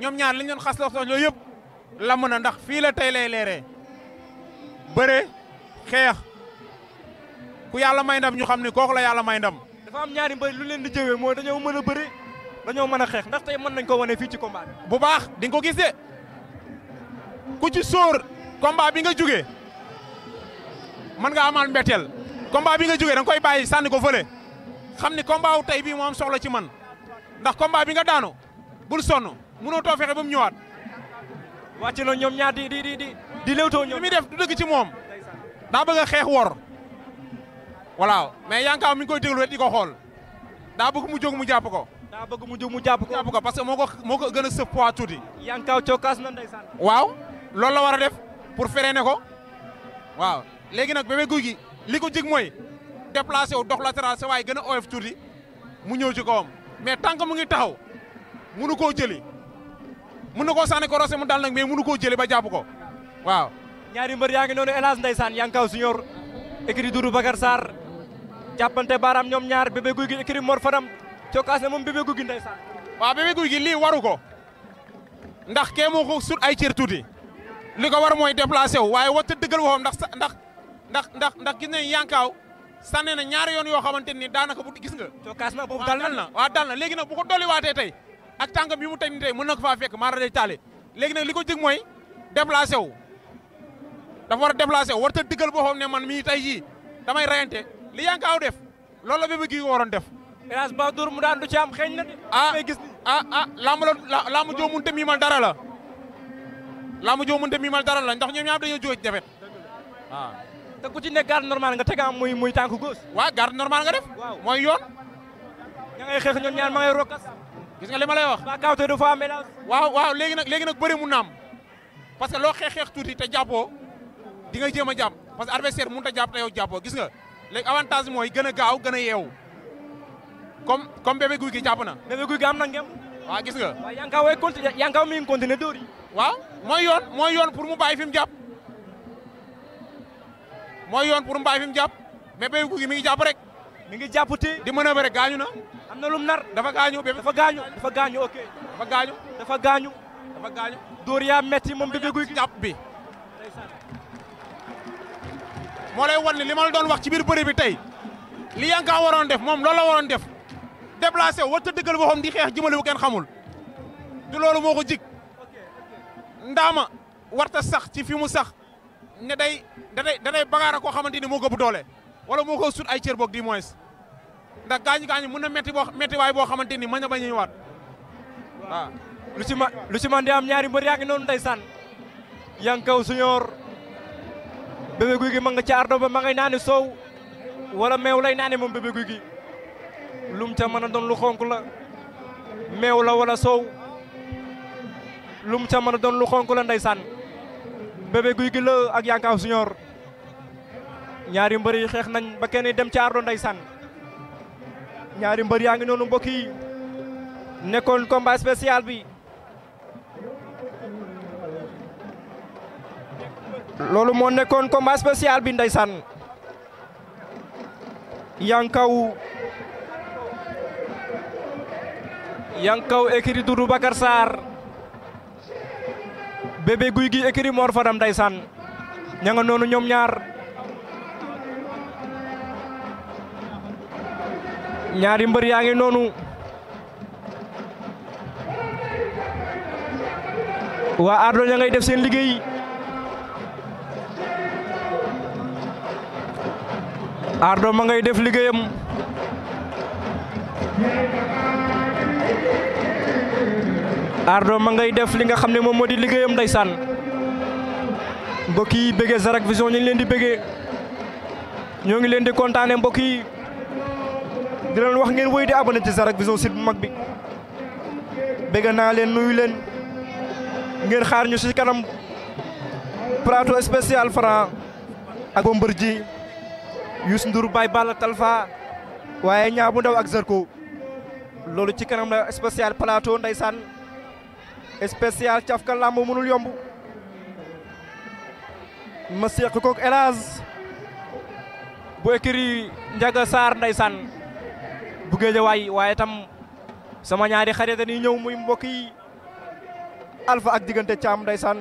ñoom ñaar li ñu doon xas la sox loolu na ndax fii la tey lay leere bëre xeex ku yàlla may ndam ñu xam ne kooku la yàlla mayndam dafa am ñaari mbër lu leen di jëwee mooy dañoo mën a bëre dañoo mën a xeex ndax tey mën nañ ko wane fii ci combat bi. bu baax di ko gis ku ci soor combat bi nga jugee mën nga amaal mbetel combat bi nga jugee da nga koy sànni ko fële xam ni combat wu tey bii moo am soxla ci man ndax combat bi nga daanu bul sonn. mënoo too fexe ba mu ñëwaat. wàcc na ñoom ñaar di di di di di léwtoo ñoom. li muy def du dëgg ci moom. daa bëgg a wor. voilà mais Yankaw mi koy déglu rek di ko xool. daa bëgg mu jóg mu jàpp ko. daa bëgg mu jóg mu jàpp ko. jàpp ko parce que moo ko moo ko gën a sëf poids tuuti. Yankaw cokkaas na ndeysaan. waaw loolu la war a def pour freiner ko waaw léegi nag Bébé Gouy Gui li ko jig mooy déplacé wu dox latéral sa waay gën a oyof mu ñëw ci kawam mais tant mu ngi taxaw mënu koo jëli. mun ne ko sànni ko roose mu daal nag mais munu ko jëlee ba jàpp ko waaw. ñaari mbër yaa ngi noonu El Hadj Ndeysaan Yankaw Junior écurie Doudou Bakar Sarr jàppante baaraam ñoom ñaar bébé guy gi écurie Mor Fadam cokkaas na moom bébé guy gi Ndeysaan. waaw bébé guy gi lii waru ko ndax kee moo ko sut ay cër tuuti li ko war mooy déplacé wu waaye watta dëggal waxam ndax ndax ndax ndax ndax gis nañu Yankaw sànne na ñaari yoon yoo xamante ni daanaka bu gis nga. na boobu dal na waaw dal léegi nag bu ko dolliwaatee tey ak tànk bi mu teg nii tey mën na ko faa fekk maa day taale léegi nag li ko jëg mooy déplacé wu dafa war a déplacé wu war ta diggal boo xam ne man mii tey jii damay rayante li yankaaw def loolu la bébé gi ko waroon def hélas ba dóor mu daan du ci am xeeñ na de ah ah ah lamb la lamb joo mënta miimal dara la lamb joo mënta miimal dara la ndax ñoom ñaar dañoo jóge ci defet waaw ah. te ku ci nekk garde normal nga teg am muy muy tànk góos waaw garde normal nga def mooy yoon ña ngay xeex ñoom ñaar ma gis nga li ma lay wax. waa kaw te du fa am waaw waaw léegi nag léegi nag bëri mu naam parce que loo xeex xeex tuuti te jàppoo di nga jéem a jàpp parce que adversaire mënut a jàpp te yow jàppoo gis nga léegi avantage bi mooy gën a gaaw gën a yeewu comme comme bébé guy gi jàpp na. bébé guy gi am na ngem. waaw gis nga. waaw yaa ngi kaw way continuer yaa ngi kaw mi ngi continuer dóor yi. waaw mooy yoon mooy yoon pour mu bàyyi fi mu jàpp mooy yoon pour mu bàyyi fi mu jàpp mais bébé guy gi mi ngi jàpp rek. mi ngi jàpp te. di mën a bëre gaañu na am na lum nar dafa gaañu dafa gaañu dafa gaañu ok dafa gaañu dafa gaañu gaañu dóor yaa metti moom bébé guy jàpp bi moo lay wan ni li ma doon wax ci biir bëri bi tey li yankaa waroon def moom loolu la waroon def déplacé wu warta dëggal boppam di xeex jëmale bu kenn xamul du loolu moo ko jig ndaama warta sax ci fi mu sax ne day da day bagaara koo xamante ni moo ko bu doole wala moo ko sut ay cër boog di moins ndax gaañu gaañu mën na métti boo métti waay boo xamante ni a na bañ a ñëwaat waaw. lu ci ma lu ci man di am ñaari mbër yaa ngi noonu saan Yankaw Junior Bébé Gouy gi ma nga ca ardo ba ma ngay naani soow wala meew lay naani moom Bébé Gouy Gui lum ca mën a doon lu xonk la meew la wala soow lum ca mën a doon lu xonk la ndeysaan Bébé Gouy Gui la ak Yankaw Junior ñaari mbër yi xeex nañ ba kenn dem ca ardo ndeysaan ñaari mbeur yaa ngi noonu mbokk yi nekkon combat spécial bi lolu mo nekkon combat spécial bi ndeysaan yankaw yankaw écurie Doudou Bakar sar bebe guy gi écurie Mor Fadam ndaysan ñanga nonu ñom ñaar ñaari mbeur yaangi nonu, wa Ardo ña def seen liggey Ardo ma ngay def liggeyam Ardo ma ngay def li nga xamne mom modi liggeyam ndaysan mbokki ndeysaan Zarak Vision ñu ngi leen di bëggee ñoo ngi leen di kontaane mbokki di leen wax ngeen wéy di abonné ci Zarak Vision site bu mag bi bëgg naa leen nuyu leen ngeen xaar ñu ci kanam plateau spécial Franc ak Bombardier Youssou Ndour Baye Balla Talfa waaye ñaa bu ndaw ak Zarko loolu ci kanam la spécial plateau ndeysaan spécial cafka làmb mënul yomb ma seq kook elage bu écrit Njaga Saar ndeysaan bu géejawaay waaye tam sama ñaari xarit dañuy ñëw muy mbokk yi alpha ak diggante caam ndeysaan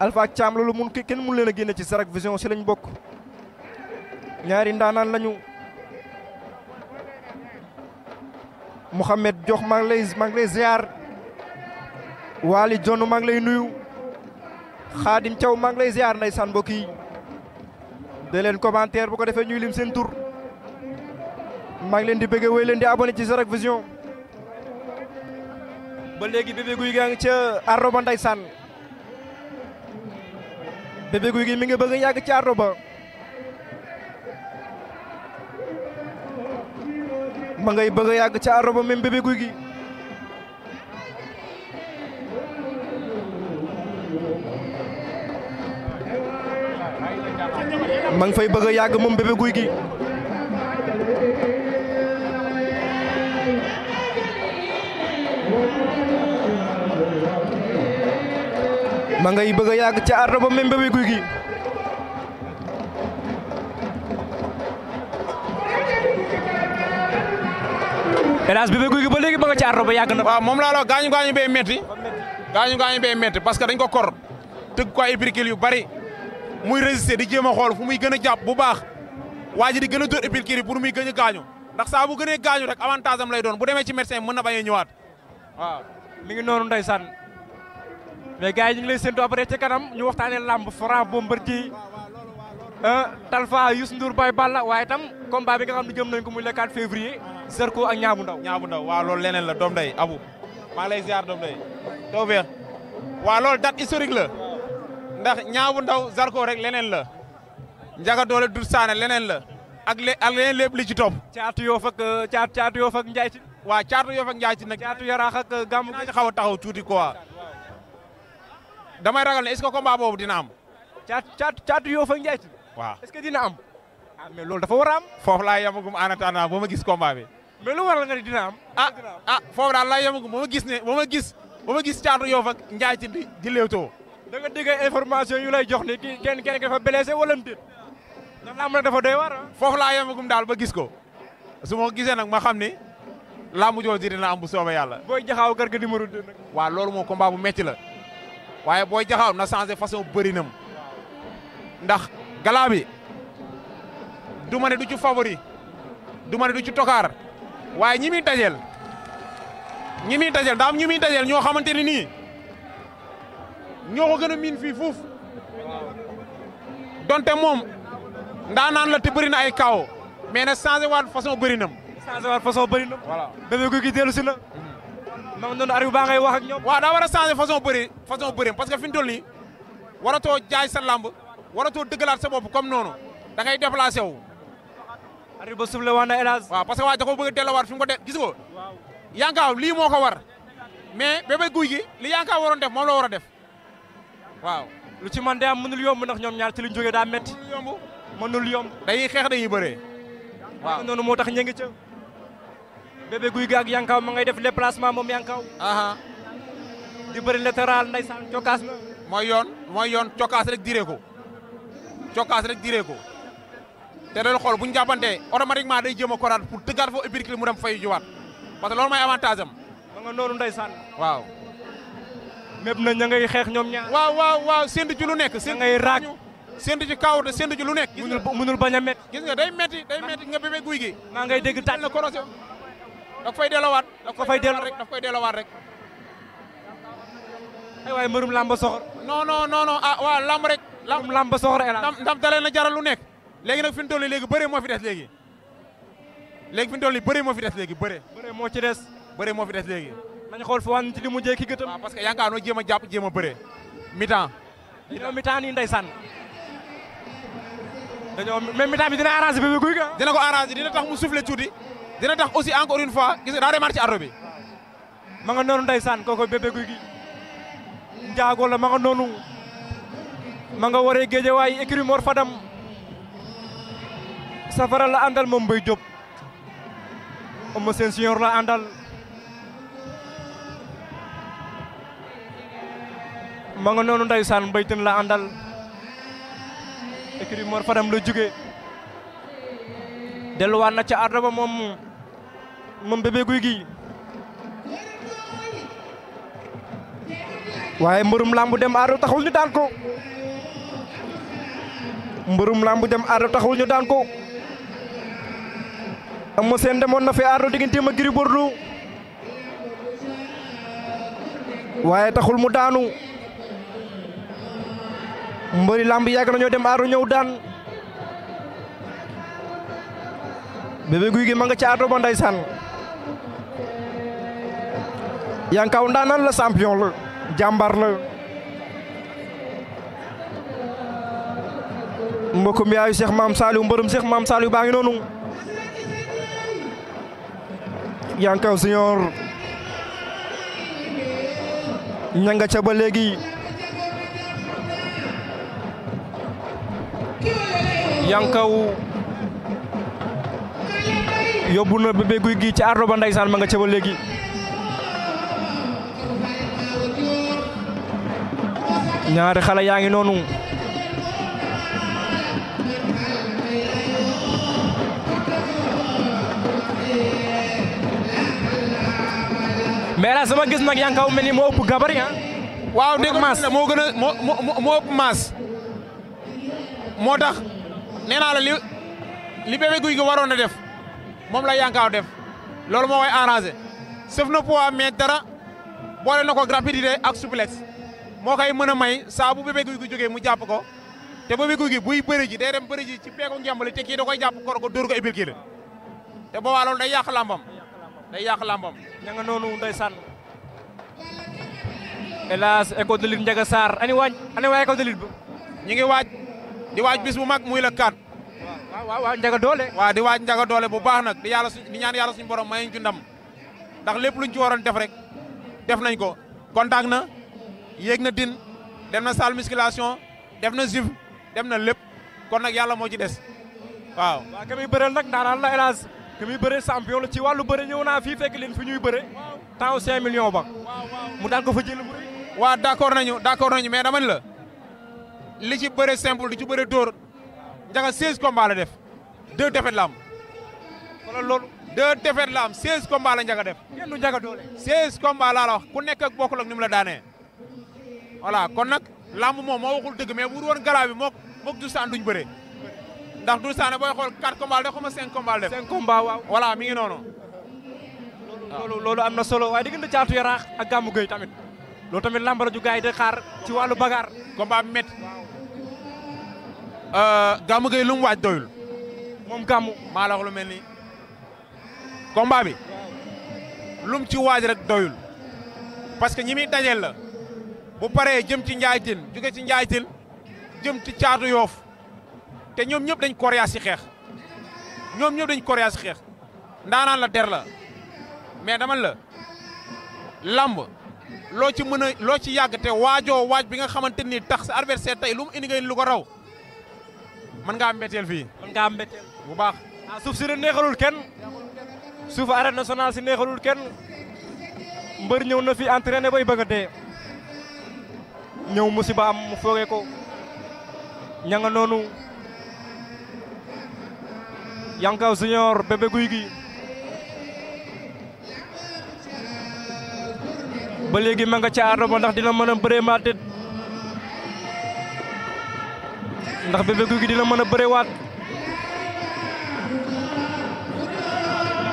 alpha ak caam loolu mun kenn mun leen a génne ci Zarak Vision si lañ bokk ñaari ndaanaan lañu Mouhamed Jox maa ngi lay maa ngi lay ziar Waly John maa lay nuyu Khadim Thiaw maa ngi lay ziar ndeysaan mbokk yi de leen bu ko defee ñuy lim seen tur maa ngi leen di bëgg wéy leen di abonné ci Zarak Vision ba léegi bébé guy gaa ngi ca arroba ndeysaan bébé guy gi mi ngi bëgg a yàgg ci arroba ma ngay bëgg yàgg ca arroba même bébé gi ma ngi fay bëgg a yàgg moom bébé gi ma ngay bëgg a yàgg ca ardo ba même bébé guy gi hélas bébé guy gi ba léegi ma nga ca ardo ba yàgg na. waaw moom laa la gaañu gaañu bee metti gaañu gaañu bee metti parce que dañ ko kor tëgg ko ay épercule yu bari muy résister di jéem a xool fu muy gën a jàpp bu baax waa ji di gën a dóor épercule yi pour muy gën a gaañu ndax saa bu gënee gaañu rek avantage am lay doon bu demee ci médecin mën na bañ a ñëwaat waaw. mi ngi noonu ndeysaan mais gars yi ñu ngi lay séntu après ci kanam ñu waxtaanee làmb Franc Bombardier ah, Talfa Youssou Ndour Boy Balla waaye tam combat bi nga xam ne jëm nañ ko muy le 4 février Zarko ak Niang bu Ndaw Niang bu leneen la doom day abu maa ngi lay ziar doom day taw feex waaw loolu date la ndax Niang Ndaw Zarko rek leneen la njaga doole dut saane leneen la ak le ak leneen lépp li ci topp caatu yoo fak euh, caatu yoo fak njaay ci waaw caatu yoo fak njaay ci nag caatu yaraax ak euh, xaw a taxaw tuuti quoi damay ragal ne est-ce que boobu dina am. caatu caatu caatu yoo fa njaay waaw est-ce dina am. ah mais loolu dafa war a am. foofu laa yamagum en attendant ba ma gis combat bi. mais lu waral nga ni dina am. ah ah foofu daal laa yamagum ba ma gis ne ba ma gis ba ma gis caatu yoo fa njaay ci di di léewtoo. da nga dégg lay jox ni ki kenn kenn dafa blessé wala mu déet. ndax làmb nag dafa doy war ah. foofu laa yamagum daal ba gis ko su ma gisee nag ma xam ne làmb jooju dina am bu soobee yàlla. booy jaxaaw garga numéro 2 nag. waaw loolu moom combat bu métti la. waaye booy jaxaaw na changé façon bërinam ndax galaa bi du ma ne du ci favori du ma ne du ci tokaar waaye ñi muy dajeel ñi muy dajeel daa am ñi muy dajeel ñoo xamante ni nii ñoo gën a miin fii fuuf donte moom ndaa naan la te bëri na ay kaw mais na changé waat façon bërinam changé waat façon bërinam voilà Bébé Gouy dellu si la moom noonu Aliou Ba ngay wax ak ñoom. waaw daa war a changer façon bëri façon bëri parce que fi mu toll nii waratoo jaay sa lamb waratoo dëggalaat sa bopp comme noonu da ngay déplacé wu. Ba suuf la woon na hélas. waaw parce que waa da ko bëgg a delluwaat fi mu ko de gis nga. lii moo ko war mais Bébé guy gi li yankaaw waroon def moo la war a def waaw. lu ci man de am mënul yomb ndax ñoom ñaar ci liñ jógee daa métti. mënul yomb mënul yomb. dañuy xeex dañuy bëree. waaw noonu moo tax ña ngi ca. bébé guy gi ak yankaw ma ngay def déplacement moom yankaw aha di bëri latéral ndeysaan cokaas na mooy yoon mooy yoon cokaas rek diree ko cokaas rek diree ko te loolu xool bu ñu jàppante automatiquement day jéem a koraat pour tëggaat foofu épicule mu dem fay juwaat parce que loolu mooy am ma nga noonu ndeysaan waaw mépp na ña ngay xeex ñoom ñaar waaw waaw waaw séntu ci lu nekk séntu ngay raag séntu ci kaw te séntu ci lu nekk munul bañ a métti gis nga day métti day nga bébé guy gi maa ngay dégg na korosé da fay delloowaat. da ko fay delloo rek da koy delloowaat rek. ay waaye mbërum lamba soxor. non noo noo non ah waaw làmb rek. làmb làmb soxor El Hadj. ndam dalee na jaral lu nekk. léegi nag fi mu toll léegi bëree moo fi des léegi. léegi fi mu toll nii bëree moo fi des léegi bëree. moo ci des. bëree moo fi des léegi. nañu xool fu wàññi ci li mu jëkk gëtëm. waaw parce que yaakaar naa jéem a jàpp jéem a bëree. mi-temps. dañoo mi-temps nii ndeysaan. dañoo dina arrangé bi bi guy ga. dina ko arrangé dina tax mu soufflé tuuti dina tax aussi encore une fois gis na daa ci arro bi. ma nga nonu ndaysan koko bebe guy ndiago la ma nga nonu ma nga waree géeje way écrit Mor Fadam safara la andal moom Mbaye Diop Eumeu sen Junior la andal ma nga nonu ndaysan la andal écrit Mor Fadam la jóge delluwaat na ci mom moom bébé guy gi waaye mbërum làmb dem aru taxul ñu daan ko mbërum làmb dem aru taxul ñu daan ko Eumeu Sène demoon na fi aado digganteem ak Gris Bordeaux waaye taxul mu daanu mbëri làmb yàgg nañoo dem aado ñëw daan bébé guy gi ma nga ca aado ba ndeysaan Yankaw ndaanaan la champion la jàmbaar la mbokkum yaayu Cheikh Maam Saliou mbërum Cheikh Maam Saliou baa ngi noonu Yankaw Junior ña nga ca ba léegi Yankaw yóbbu na bébé guy gi ci ardo ba ndeysaan ma nga ca ba léegi ñaari xale yaa ngi noonu mais là sama gis nag yaa kaw mel ni moo ëpp gabari ah. waaw dégg nga moo gën a moo moo ëpp maas moo tax nee naa li li bébé guy gi waroon a def moom la yankaaw def loolu moo koy arrangé sëf na poids mais dara boole na ko rapidité ak souplesse. mo kay mën may sa bu bébé guuy gu jógee mu japp ko te bébé guuy gi buy bëri ji day dem bëri ji ci peeku ngiambal te ki da koy japp kor ko dóor ko ibil ki la te bo loolu day yak lambam day yak lambam nga noonu ndeysaan elas école de lutte Ndiaga sar ani waaj ani way école de lutte ñi ngi waj di waj bis bu mag muy la kat wa wa waaw doole di waj Ndiaga doole bu baax nak di yalla di ñaan yalla suñu borom may ñu ndam ndax lepp luñ ci waron def rek def nañ ko kontak na yéeg na din dem na salle musculation def na juf dem na lépp kon nag yàlla moo ci des waaw. waaw ka muy nag daanaan la hélas ka muy bëreel champion la ci wàllu bëre ñëw naa fii fekk leen fi ñuy bëre taw 5 millions ba mu daan ko fa jël mu waaw d' accord nañu d' accord nañu mais dama la li ci bëre simple di ci bëre dóor njaga 16 combats la def 2 défaites la am wala loolu. la am 16 combats la njaga def. kenn du njaga doole. 16 combats laa la ku nekk ak bokkul ak ni la daanee. voilà kon nag lamb moom moo waxul dëgg mais bu woon galaa bi mook mook du saan duñ bëree ndax du saan booy xool 4 combats def xuma 5 combats def 5 combats waaw mi ngi noonu loolu loolu am na solo waaye diggante caatu yaraax ak gàmmu gëy tamit loolu tamit lamb la ju gars yi di xaar ci wàllu bagaar combat bi métti euh, gàmmu gëy lu waaj doyul moom gàmmu maa la mel ni combat lum ci waaj rek doyul parce que ñi muy dajeel la bu paree jëm ci njaaytin jóge ci njaaytin jëm ci caatu yoof te ñoom ñëpp dañ coriace xeex ñoom ñëpp dañ coriace xeex ndaanaan la der la mais daman la lamb loo ci mën loo ci yàgg te waajoo waaj bi nga xamante ni tax sa adversaire tey lu mu indi ngay lu ko raw mën ngaa mbetteel fii. mën ngaa mbetteel bu baax. ah suuf si de neexalul kenn suuf arène nationale si neexalul kenn mbër ñëw na fi entraîné bay bëgg a dee. ñew musiba am mu foré ko ña nga noonu yankaw junior bébé guy gi ba légui ma nga ci ardo ndax dina mëna a ma tét ndax bébé guy gi dina mëna a waat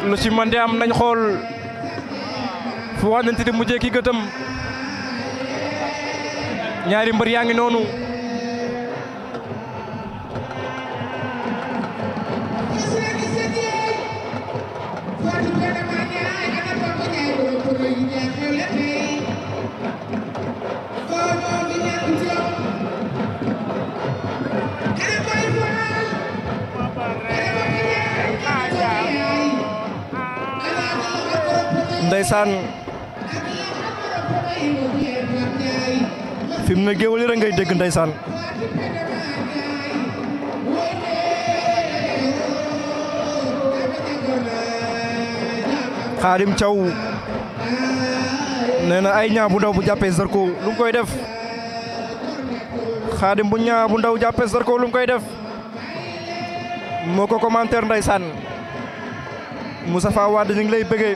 lu ci mën di am nañ xol fu di mujjee ki gëtam ñaari mbër yaangi nonu noonu fi mu ne géwal yi rek ngay dégg ndeysaan xaadim caw nee na ay ñaa lu mu koy def xaadim bu ñaa bu ndaw jàppee lu mu koy def moo ko commentaire ndeysaan Moustapha Wade Nena ngi lay bëggee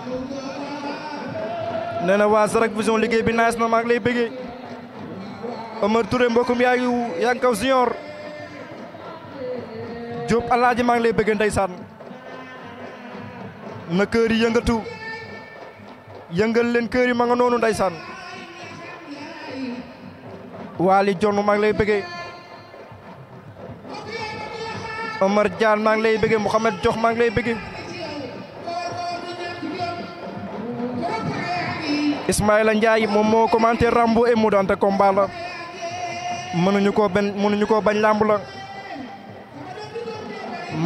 nee na waa Omar Touré mbokkum yaayu Yankaw Junior Diop alaaji maa ngi lay bëgg ndeysaan na kër yi yëngatu yëngal leen kër yi ma nga noonu ndeysaan Waly Dione maa ngi lay bëggee Omar Diane maa ngi lay bëggee Jox maa ngi lay bëggee Ismaïla Ndiaye moom moo commenté Rambo et mu dante combat mënuñu koo benn mënuñu koo bañ làmb la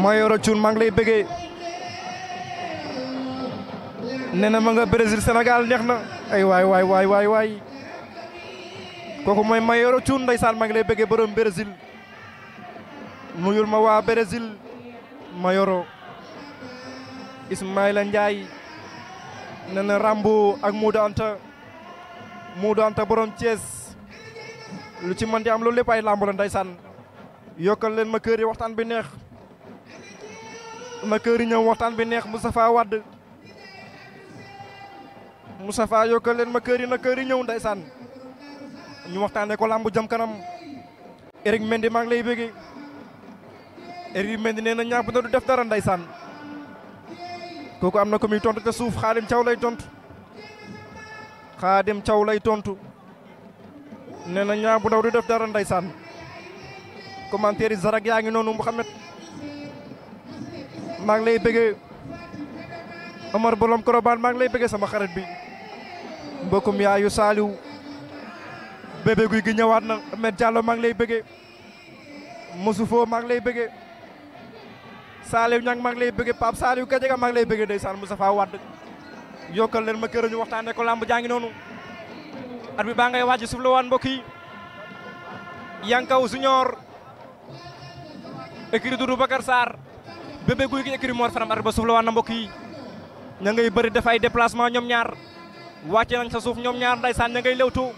Mayoro Thioune maa ngi lay bëggee nee na ma nga Brésil Sénégal neex na ay waay waay waay waay waay kooku mooy Mayoro Thioune ndeysaan maa ngi lay bëggee borom Brésil nuyul ma waa Brésil Mayoro Ismaïla Ndiaye nee na Rambo ak Moudou Anta Moudou Anta borom Thiès lu ci mën di am loolu lépp ay làmb la ndeysaan yokkal leen ma kër yi waxtaan bi neex ma kër yi ñëw waxtaan bi neex Moustapha Wade Moustapha yokkal leen ma kër yi na kër yi ñëw ndeysaan ñu waxtaanee ko làmb jam kanam Eric Mendy maa ngi lay bëgg Eric Mendy nee na ñàpp na du def dara ndeysaan kooku am na ko muy tontu te suuf Xaadim Caw lay tontu Xaadim Caw lay tontu nee na ñaa bu ndaw du def dara ndeysaan commentaire zarak yaa ngi noonu Mouhamed maa ngi lay bëggee Omar Bolom Korobaan maa ngi lay bëggee sama xaret bi mbokkum yaayu Saaliw bébé guy gi ñëwaat na Ahmed Diallo maa ngi lay bëggee Moussa mag maa ngi lay bëggee Saaliw Ñang maa ngi lay bëggee Pape Saaliw Kajega maa ngi lay bëggee ndeysaan Moustapha Wade yokkal leen ma kër ñu waxtaanee ko làmb jaa ngi noonu at bi baa ngay waaj a suuf mbokk yi Yankaw Junior écurie Doudou Bakar Sarr Bébé Gouy Gui écurie Mor Faram at bi ba na mbokk yi ña ngay bëri def ay déplacement ñoom ñaar wàcce nañ sa suuf ñoom ñaar ndaysaan ña ngay lewtu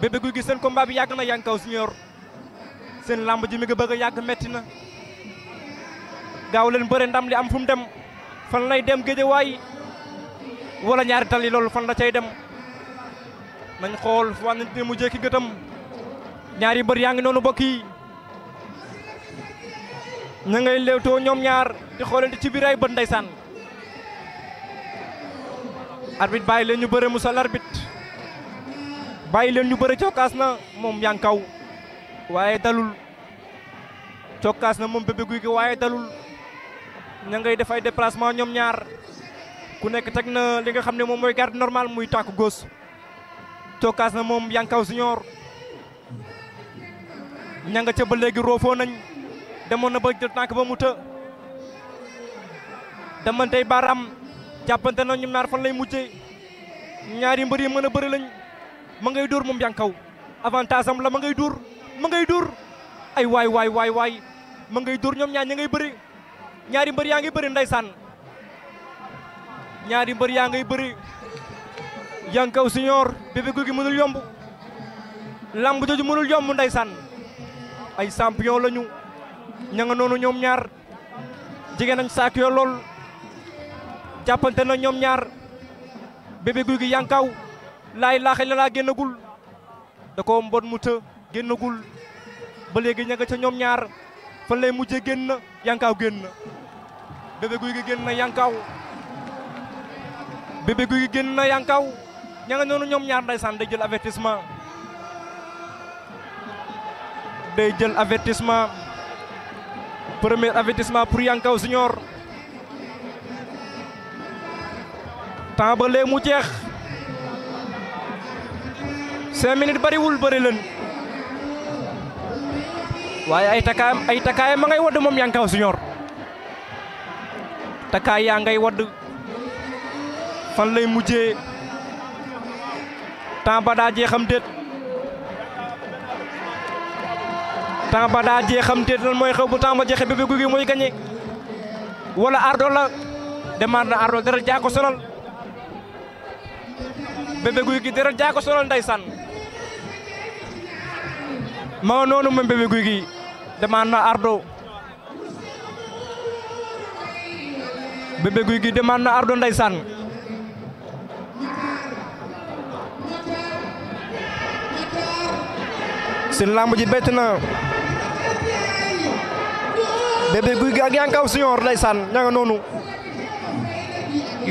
Bébé Gouy Gui seen combat bi yàgg na Yankaw Junior seen lamb ji mi nga bëgg a yàgg metti na gaaw leen bëre ndam li am fu mu dem fan lay dem géejewaay wala ñaari tali loolu fan la cay dem. nañ xool fu wàññi ne mu jekki gëtam ñaari mbër yaa ngi noonu bokk yi ña ngay léewtoo ñoom ñaar di xoolante ci biir ay bët ndeysaan arbitre bàyyi leen ñu bëre musal arbitre bàyyi leen ñu bëre cokkaas na moom yankaw waaye dalul cokkaas na moom bébé guy gi waaye dalul ña ngay def ay déplacement ñoom ñaar ku nekk teg na li nga xam ne moom mooy garde normal muy tàkku góos cokkaas na moom yankaw junior ña nga ca ba léegi roofoo nañ demoon na ba jël tànk ba mu të damantey baaraam jàppante na ñoom ñaar fan lay mujjee ñaari mbër yi mën a bëri lañ ma ngay dur moom yankaw avantage am la ma ngay dóor ma ngay dóor ay waay waay waay waay ma ngay dóor ñoom ñaar ña ngay bëri ñaari mbër yaa ngi bëri ndeysaan ñaari mbër yaa ngay bëri Yankaw Senior Bébé Gouy Gui mënul yomb lamb jooju mënul yomb ndeysaan ay champion lañu ña nga noonu ñoom ñaar jege nañ saak lool jàppante na ñoom ñaar Bébé Gouy Gui Yankaw laay laaxee la laa génnagul da ko mbot mu të génnagul ba léegi ña ca ñoom ñaar fan lay mujjee génn na Yankaw génn na Bébé Gouy génn na Yankaw Bébé Gouy Gui génn na Yankaw ña nga noonu ñoom ñaar ndeysaan day jël avertissement day jël avertissement premier avertissement pour Yankaw Junior temps ba lee mu jeex cinq minutes bariwul bëri leen waaye ay takaayam ay takaayam ma ngay wadd moom Yankaw Junior takaay yaa ngay wadd fan lay mujjee temps ba daa jeexam déet temps ba daa jeexam déet lan mooy xew bu temps ba jeexee Bébé Gouy Gui mooy gagné wala Ardo la demaat na Ardo dara jaa ko sonal Bébé Gouy Gui dara jaa ko sonal ndeysaan ma nga noonu moom Bébé Gouy Gui na Ardo Bébé Gouy Gui Ardo ndeysaan seen lamb ji bett na bébé guy gi ak yankaw siñoor ndeysaan ña nga noonu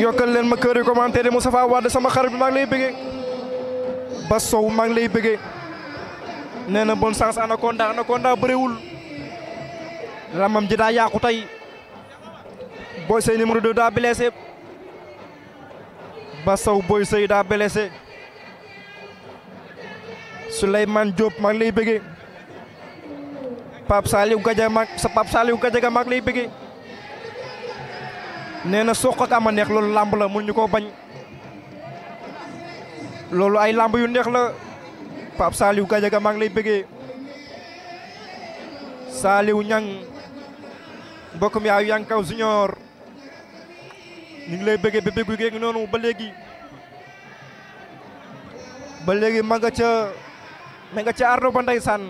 yokkal leen ma kër yi commentaire Moustapha Wade sama xarit bi maa ngi lay bëggee ba sow maa lay bëggee nee na bonne chance Anaconda Anaconda bëriwul lamam ji daa yàqu tey Boy Sey numéro 2 daa blessé ba sow Boy Sey daa blessé Souleymane Diop maa ngi lay bëggee Pape Saliou Gadia mag sa Pape Saliou Gadiaga maa ngi lay bëggee nee na soq ak ama neex loolu làmb la mënuñu koo bañ loolu ay làmb yu neex la Pape Saliou Gadiaga maa ngi lay bëggee Saliou Niang mbokk mi yaa Yankaw Junior ñu ngi lay bëggee bébé gu ma nga ca ardo ba ndeysaan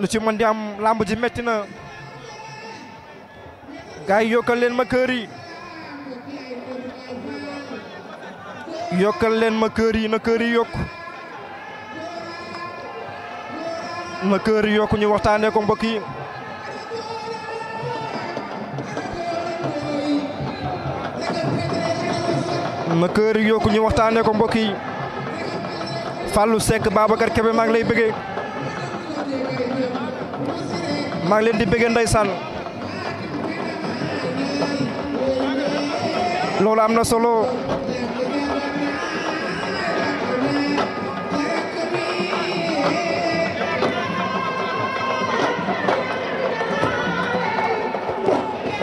lu ci mën di am làmb ji metti na gaay yokkal leen ma kër yi yokkal leen ma kër yi na kër yi yokku na kër yi waxtaanee ko mbokk yi na kër yi yokku ñu waxtaanee ko mbokk yi Fallou Seck Babacar Kébé maa ngi lay maa ngi leen di bëggee ndeysaan loolu am na solo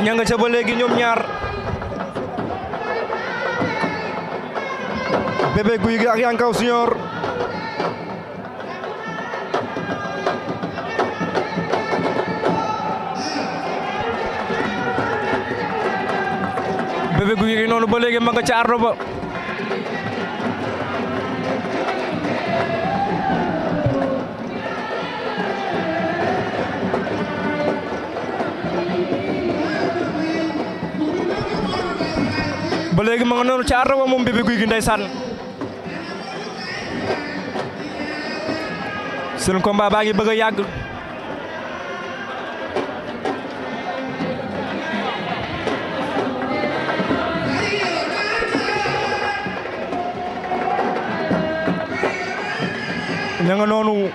ña nga ca ba léegi ñoom ñaar bébé guy gi ak Yankaw Junior bébé guy gi noonu ba léegi ma nga ca ardo ba ba léegi ma nga noonu ca ardo ba moom bébé guy gi ndeysaan seen combat baa ngi bëgg a yàgg ña noonu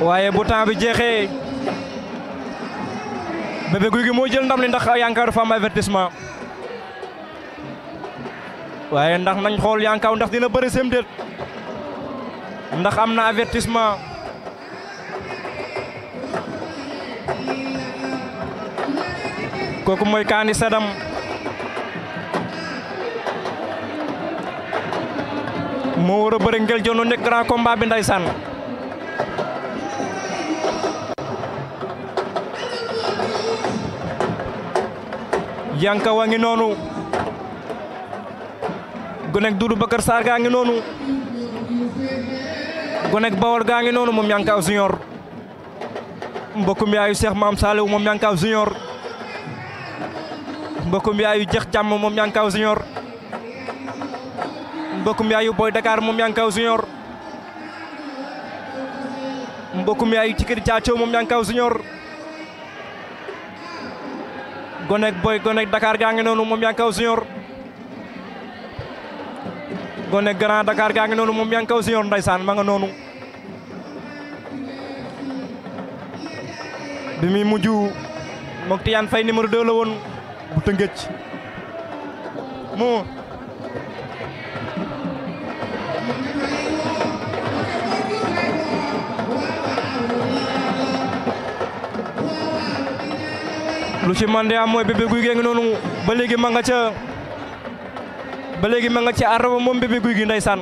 waaye bu temps bi jeexee Bébé Gouy Gui moo jël ndam li ndax Yankaw dafa am avertissement waaye ndax nañ xool Yankaw ndax dina bëri sem ndax am na avertissement kooku mooy Kani Sadam moo war a bëri Nguel Dione nekk grand combat bi ndeysaan yanka wa ngi noonu gonek Doudou Bakar Sarr gaa ngi noonu gonek Bawol gaa ngi noonu moom yankaw junior mbokkum yaayu Cheikh Maam Saliou moom yankaw junior mbokkum yaayu jeex jàmm moom yankaw junior mbokkum yaayu Boy Dakar moom Yankaw Junior mbokkum yaayu ci kër Caacoo moom Yankaw Junior gonek boy gonek Dakar gaa ngi noonu moom Yankaw Junior gonek Grand gaa ngi noonu moom Yankaw Junior ndeysaan ma nga noonu bi muy mujj mook Tiyaan Fay numéro 2 bu Tëngéej moo lu ci man de am mooy bébé guy ngi noonu ba léegi ma nga ca ba léegi ma nga ca araba moom bébé guy gi ndeysaan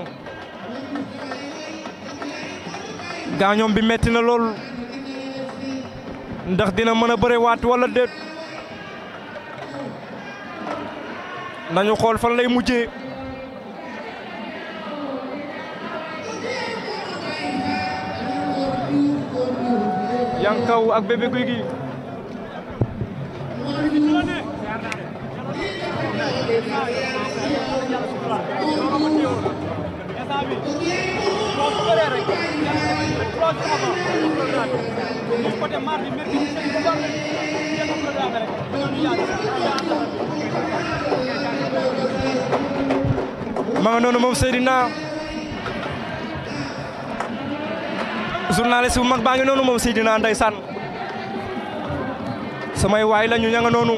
gaañoom bi metti na lool ndax dina mën a bëre waat wala déet nañu xool fan lay mujje yankaw ma nga noonu moom Seydina journaliste bu mag baa ngi noonu moom Seydina ndeysaan samay waay la ñu ña nga noonu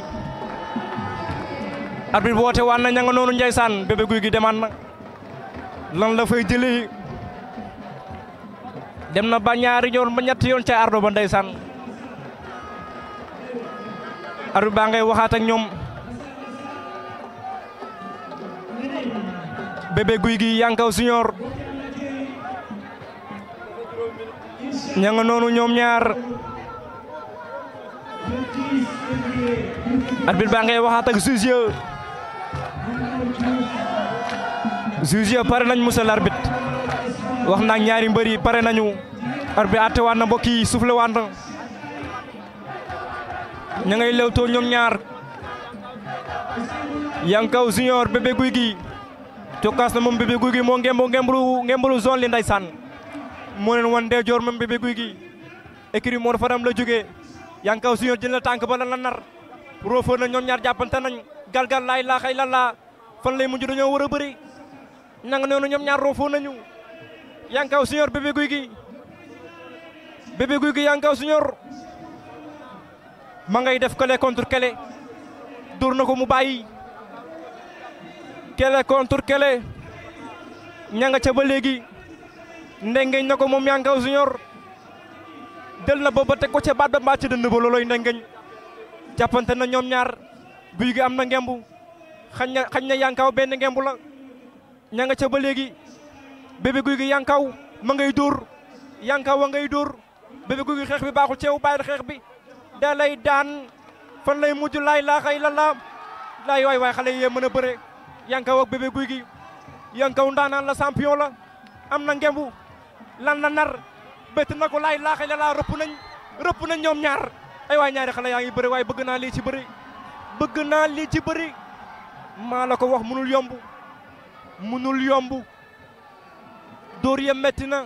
arbitre bi woote waan na ña nonu noonu njaysaan bébé guy gi demaan lan la fay jeli dem na ba ñaari yoon ba ñetti yon ci ardo ba ndeysaan arbitre ba ngay waxat ak ñom bebe guuy gi yankaw señor ñanga nonu ñom ñaar arbitre baa ngay ak suus juge ya pare nañ monsieur l'arbitre wax naa ñaari mbër yi pare nañu bi àtte waan na mbokk yi soufflé waan na ña ngay lewtoo ñoom ñaar Yankaw Junior Bébé guy Gui cokkaas na moom Bébé Gouy Gui moo ngembo ngembulu ngembulu zone li ndeysaan moo leen wan dee joor moom Bébé Gouy Gui écrit moo dafa dam la jógee Yankaw Junior jël na tànk ba la nar roofoo na ñoom ñaar jàppante nañ galgal laay laa lallaa fan lay mujj dañoo war a bëri nanga noonu ñoom ñaar roofoo nañu Yankaw Senior Bébé Gouy Gui Bébé Gouy Gui Yankaw Senior ma ngay def kele contre kele dóor na ko mu bàyyi kele contre kele ña nga ca ba léegi ndengeñ na ko moom Yankaw Senior del na ba ba teg ko ca baat ba mbaa ca dënd ba looloy ndengeñ jàppante na ñoom ñaar Gouy gi am na ngembu xañ na xañ na yankaw benn ngemb la ña nga ca ba léegi bébé guy gi yankaw ma ngay dóor yankaw wa ngay dóor bébé guy gi xeex bi baaxul ceew bàyyil xeex bi da lay daan fan lay mujj laay laaxay la la laay waay waay xale yee mën a bëre yankaw ak bébé guy gi yankaw ndaanaan la champion la am na ngembu lan la nar bett na ko laay laaxay la laa rëpp nañ rëpp nañ ñoom ñaar ay waay ñaari xale yaa ngi bëri waay bëgg naa lii ci bëri bëgg naa lii ci bëri maa la ko wax mënul yomb mënul yomb dóor ya metti na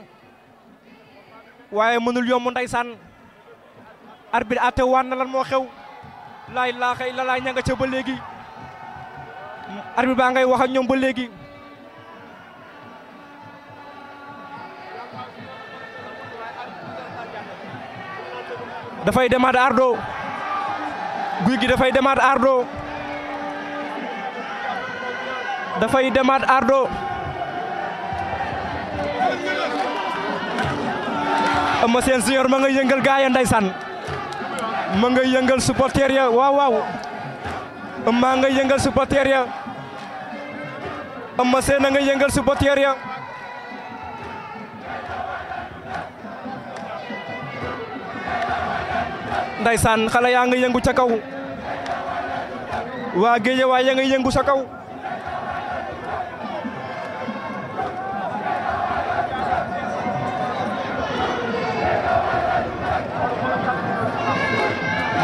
waaye mënul yomb ndeysaan arbitre ate waan na moo xew laay laaxay la laay ña nga ca ba léegi arbitre baa ngay wax ak ñoom ba léegi dafay demaat ardo guy gi dafay demaat ardo fay demat ardo amma sen senior ma nga yeungal gaay ndaysan ma nga yeungal supporter ya waaw waaw amma nga yeungal supporter ya amma sen nga yeungal supporter ya ndaysan xala ya nga yeungu ca kaw wa géeja ya nga yeungu sa kaw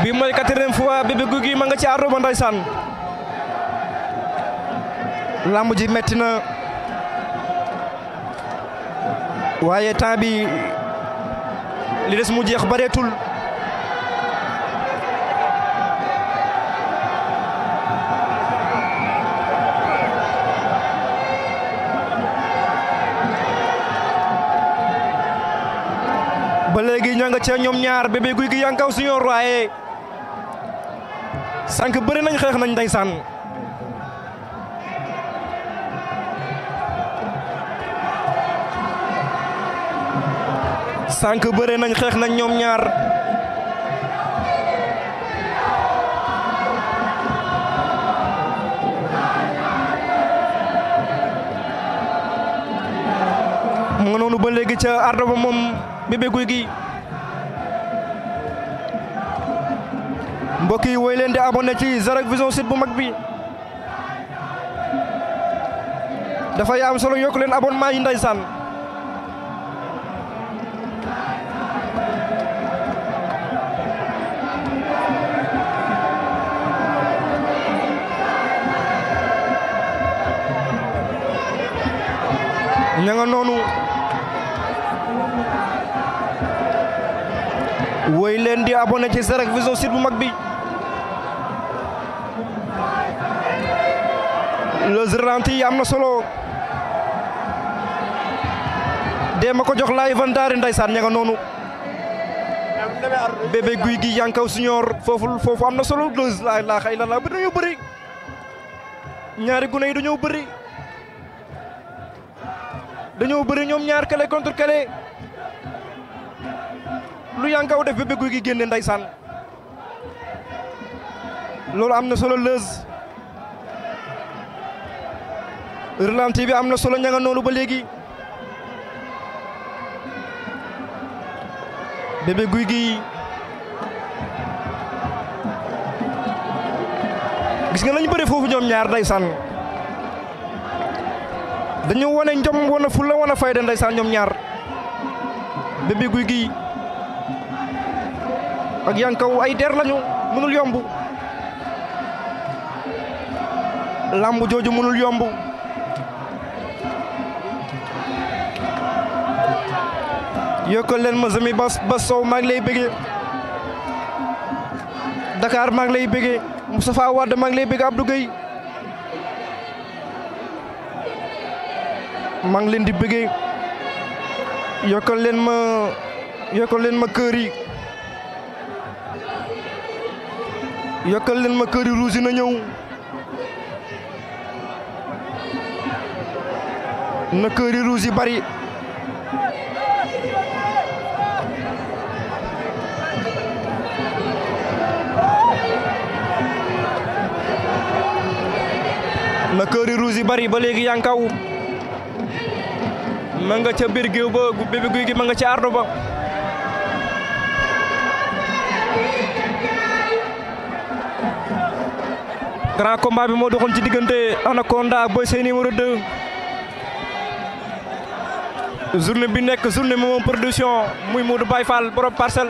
bi mooy quatrième fois Bébé Gouy Gui ma nga ci àdduma ndeysaan làmb ji metti na waaye temps bi li des mu jeex bareetul ba léegi ñoo nga ca ñoom ñaar Bébé Gouy Gui Yankaw Senior waaye sànq bëri nañ xeex nañ ndeysaan sànq bëre nañ xeex nañ ñoom ñaar mu nga noonu ba léegi ca ardo ba moom bébé guy gi mbokk yi woy leen di abonné ci Zarak Vision site bu mag bi dafay am solo yokk leen abonnement yi ndeysaan ña nga noonu woy leen di abonné ci Zarak Vision sit bu mag bi le ralenti yi am na solo dee a ko jox laay van daari ndeysaan ña noonu bébé guy gi yankaw siñoor foofu foofu am na solo lose laa laa xay la laa bi dañoo bëri ñaari gune yi dañoo bëri dañoo bëri ñoom ñaar kale contre kale lu yankaw def bébé guy gi génne ndeysaan loolu am na solo lëz Irlam TV, amna solo ñanga nonu ba legi bébé guy gi gis nga lañu bëre fofu ñom ñaar ndaysan dañu ñom wona fu la wona fayda ndaysan ñom ñaar bébé guy gi ak yankaw ay der lañu mënul yombu lambu jooju mënul yombu yokkal leen ma sami bas bas sow maa ngi lay bëggee Dakar maa ngi lay bëggee Moustapha Wade maa ngi lay bëggee Abdou Gueye maa ngi leen di bëggee yokkal leen ma yokkal leen ma kër yi yokkal leen ma kër yi ruusi na ñëw na kër yi ruusi bari na ruzi bari ba léegi yaa ngi kaw ma nga ca biir géew ba bebe guy gi ma nga ca ardo ba grand combat bi mo doxon ci diggante Anaconda ak Boy Seye numéro 2 journée bi nek journée moom production muy Modou Baye Fall borom parcel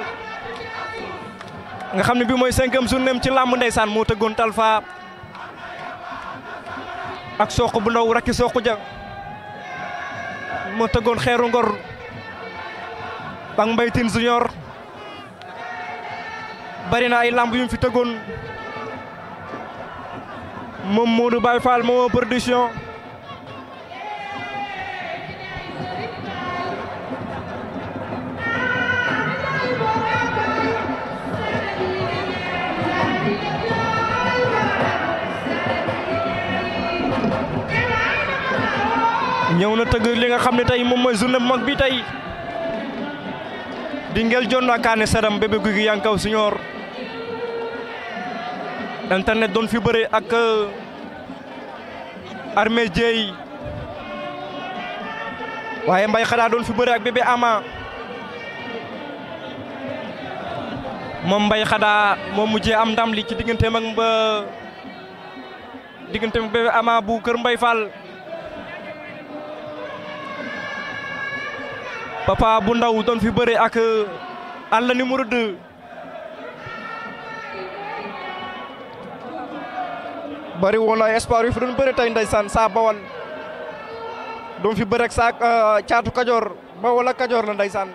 nga xamni bi moy 5e journée ci lamb ndaysan mo teggon Talfa ak sooq bu ndaw rakki sooq ja moo tëggoon xeeru ngor ak mbaytin junior bari na ay lamb yum fi tëggoon moom Modou Baye Fall moomoo production ñëw na tëgg li nga xam ne tey moom mooy journée bu mag bi tey di ngel jon na kaane saram guy gi yankaw siñoor internet doon fi bëre ak euh, armée jeey waaye mbay xadaa doon fi bëre ak bébé ama moom mbay xadaa moo mujjee am ndam li ci digganteem ak ba euh, digganteem ak bébé ama bu kër mbay fall papa bu ndaw doon fi bëre ak euh, àll numéro 2 bari woon na espoir yu fi doon bëre tey ndeysaan saa bawal doon fi bëre ak saa euh, caatu kajoor bawal kajoor la ndeysaan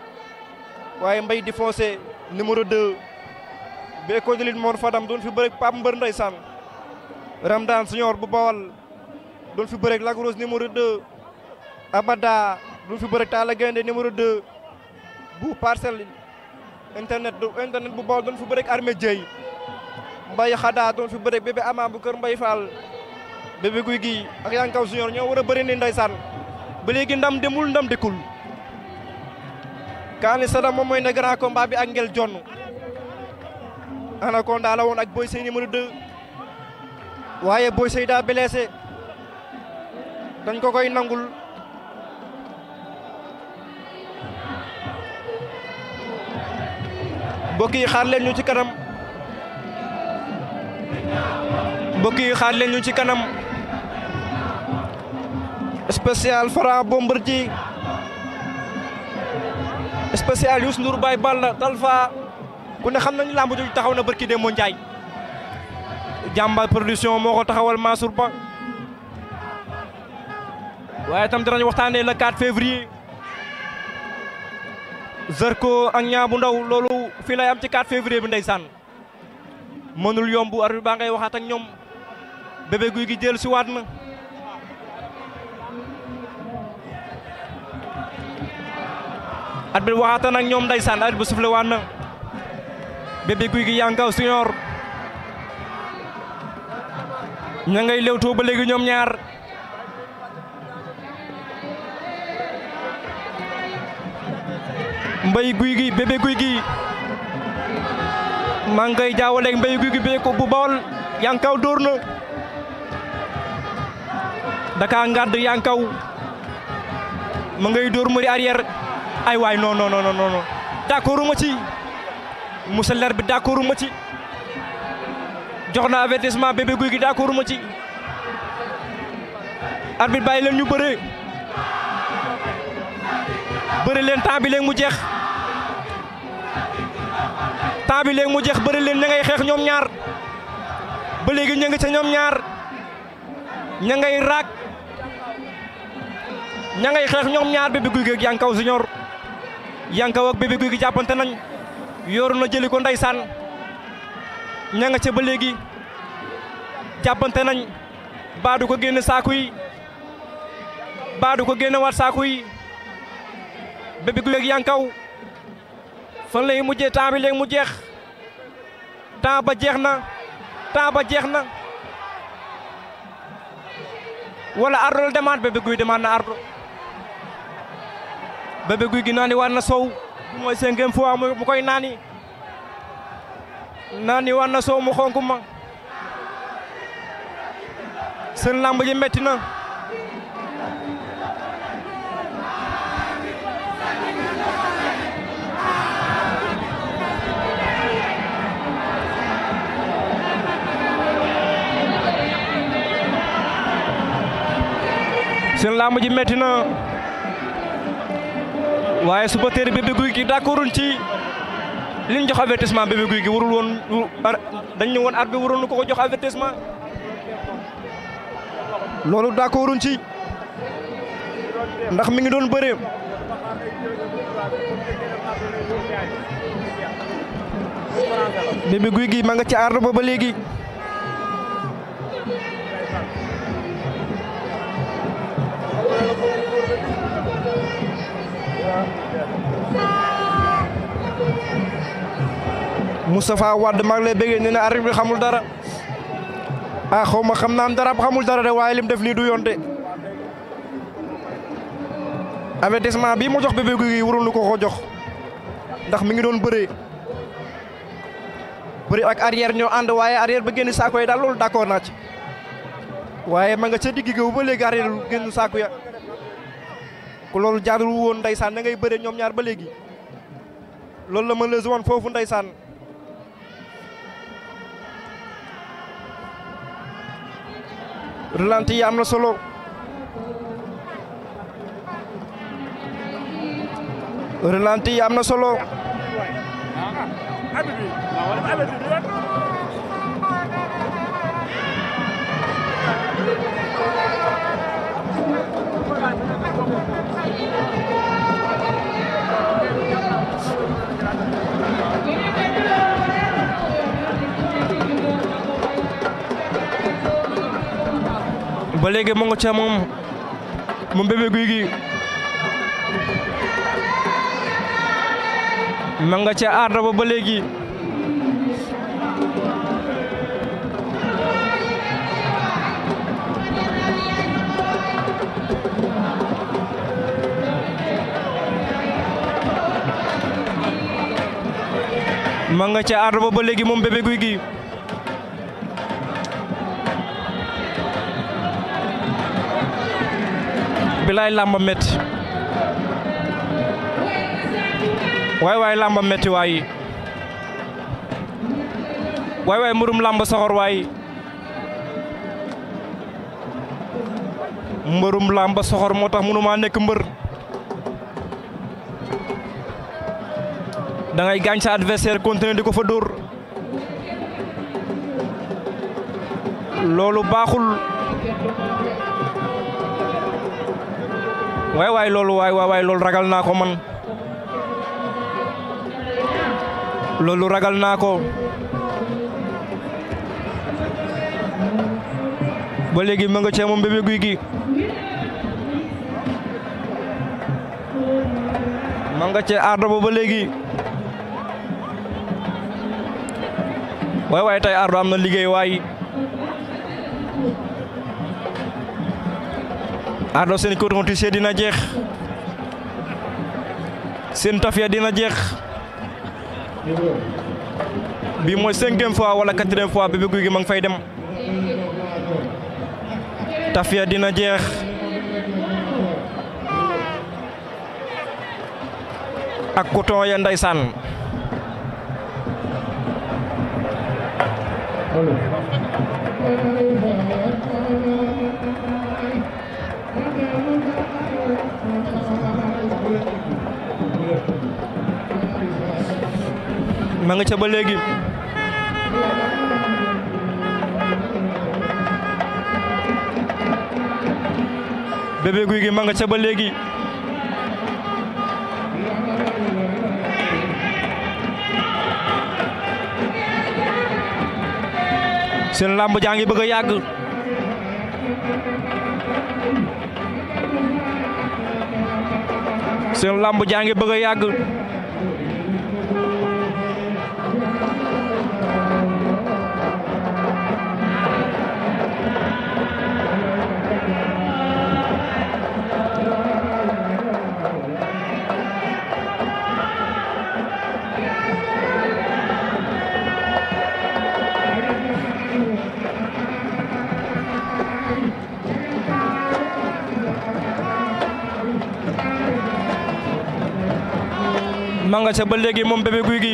waaye mbay di foncé numéro 2 ba école de lutte Fadam doon fi bëre ak Pape Mbër ndeysaan Ramdan Senior bu bawal doon fi bëre ak Lac Rose numéro 2 abada du fi bëre Talla Gaindé numéro 2 bu parcel internet du internet bu bool doon fi bëre armée jey mbay xada doon fi bëre bébé Ama bu kër mbay Fall bébé guuy gi ak Yankaw Junior ñoo wara a ni ndaysan ba légui ndam demul ndam dekul Kaani Sada moom moy na grand combat bi ak Ngel Jonn ko ndala won ak Boy Sey numéro 2 waye Boy Sey blessé dañ ko koy nangul mbokk yi xaar leen ñu ci kanam mbokk yi xaar leen ñu ci kanam spécial Franc Bombardier yu Youssou Ndour Baye Balla Talfa ku ne xam nañu làmb jooju taxaw na barki Demba njaay jàmbaar production moo ko taxawal Mansour Ba waaye itam danañ waxtaanee le 4 février. Zarko ak Niang bu ndaw loolu fii lay am ci 4 février bi ndeysaan mënul yomb ar baa ngay waxaat ak ñoom bébé guy gi jël si waat na at bi waxaatan ak ñoom ndeysaan at bu sufle waan na bébé guy gi yankaw siñoor ña ngay lewtoo ba léegi ñoom ñaar mbay guy gi bébé guy gi maa ngi koy jaawaleeg mbay guy gi bee ko bu bawol yankaw dóor na daka ngàdd yankaw ma ngay dóor mëri arrière ay waay non non non non d'accordu ma ci monsieur leer bi d'accordu ma ci jox na avertissement bébé guy gi d'accordu ma ci arbitre bàyyi leen ñu bëre bëri leen temps bi léegi mu jeex temps bi léegi mu jeex bëri leen ña ngay xeex ñoom ñaar ba léegi ña ngi ca ñoom ñaar ña ngay raak ña ngay xeex ñoom ñaar Bébé Gouy Gui ak Yankaw Junior Yankaw ak Bébé Gouy jàppante nañ yooru na jëli ko ndeysaan ña nga ca ba léegi jàppante nañ baadu ko génn saaku yi baadu ko génn waat saaku yi Bébé Gouye Gui Yankaw fan lay mujjee temps bi léegi mu jeex temps ba jeex na temps ba jeex na wala ardo la demaat Bébé Gouye demaat na ardo Bébé Gouye Gui naani waat na soow mooy cinquième fois mu koy naani naani waat na soow mu xonq ma seen làmb ji metti na seen làmb ji metti na waaye supporter Bébé Gouy Gui d'accorduñ ci li ñu jox avertissement Bébé Gouy Gui warul woon dañ ñu woon arbitre warul nu ko ko jox avertissement loolu d'accorduñ ci ndax mi ngi doon bëree Bébé Gouy Gui ma nga ci ardo ba ba léegi Moustapha Wade maa ngi lay bëggee nee na bi xamul dara ah xaw ma xam naan dara xamul dara de waaye lim def nii du yoon de avertissement bii mu jox Bébé Gouy Gui ko ko jox ndax mi ngi doon bëree bëri ak arrière ñoo ànd waaye arrière ba génn saako yi daal loolu naa ci. waaye ma nga ca digg géew ba léegi arrière génn saako ya ku loolu jaarul woon ndeysaan da ngay bëre ñoom ñaar ba léegi loolu la ma les woon foofu ndeysaan relanti yi am na solo relanti yi am na solo ba mo mu ngi ca mom moom bébé guy gi ma nga ci arda ba balegi léegi ma nga ca aar ba ba léegi moom bébé gi bi Lamba met, wai wai Lamba làmba wai. wai wai murum Lamba làmba wai, murum Lamba làmba soxor moo tax mënumaa da ngay adversaire continuer di fa dóor way way lolou way way way lolou ragal nako man lolou ragal nako ba legui ma nga ci mom bebe guy gi ma nga ci ardo ba legui way way tay ardo amna am way ardo seen cotontice dina jeex seen tafiya dina jeex bi mooy cinquième fois wala quatrième fois Bébé Gouy Gui ma ngi fay dem tafiya dina jeex ak coton ya ndeysaan ma nga ca ba léegi bébé guy nga ca ba léegi seen làmb jaa ngi bëgg a yàgg seen làmb jaa ngi bëgg a yàgg manga ca ba léegi moom bébé guy gi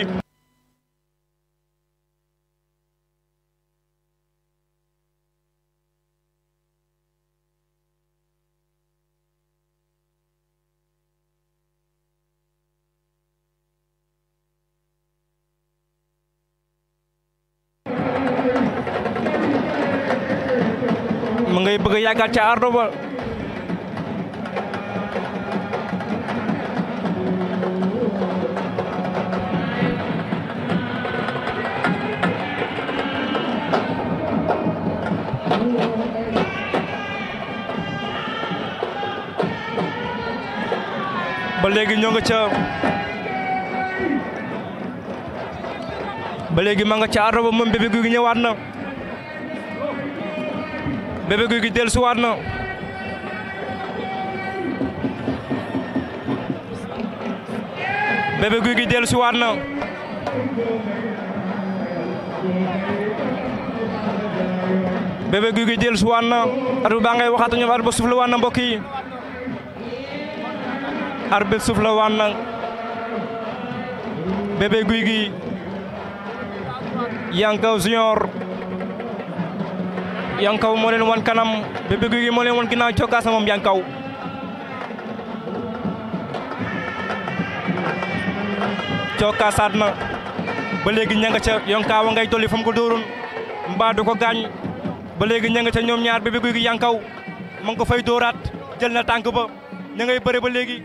mu ngay bëgg a ca ardo ba ba léegi ñoo nga ca ba léegi ma nga ca ardo ba moom bébé guy gi ñëwaat na bébé guy gi dellusiwaat na bébé guy gi dellusiwaat na bébé gi dellusiwaat na at bu baa ngay waxaat ñoom at ba suuf la waat na mbokk yi arbitre sufla waan na Bébé Gouy Gui Yankaw Junior Yankaw moo leen wan kanam Bébé Gouy Gui moo leen wan ginnaaw cokkaas na moom Yankaw cokkaasaat na ba léegi ña nga ca Yankaw ngay dolli fa mu ko dóoroon mbaa du ko gaañ ba léegi ña nga ca ñoom ñaar Bébé Gouy Gui Yankaw ma ngi ko fay dóoraat jël na tànk ba ña ngay ba léegi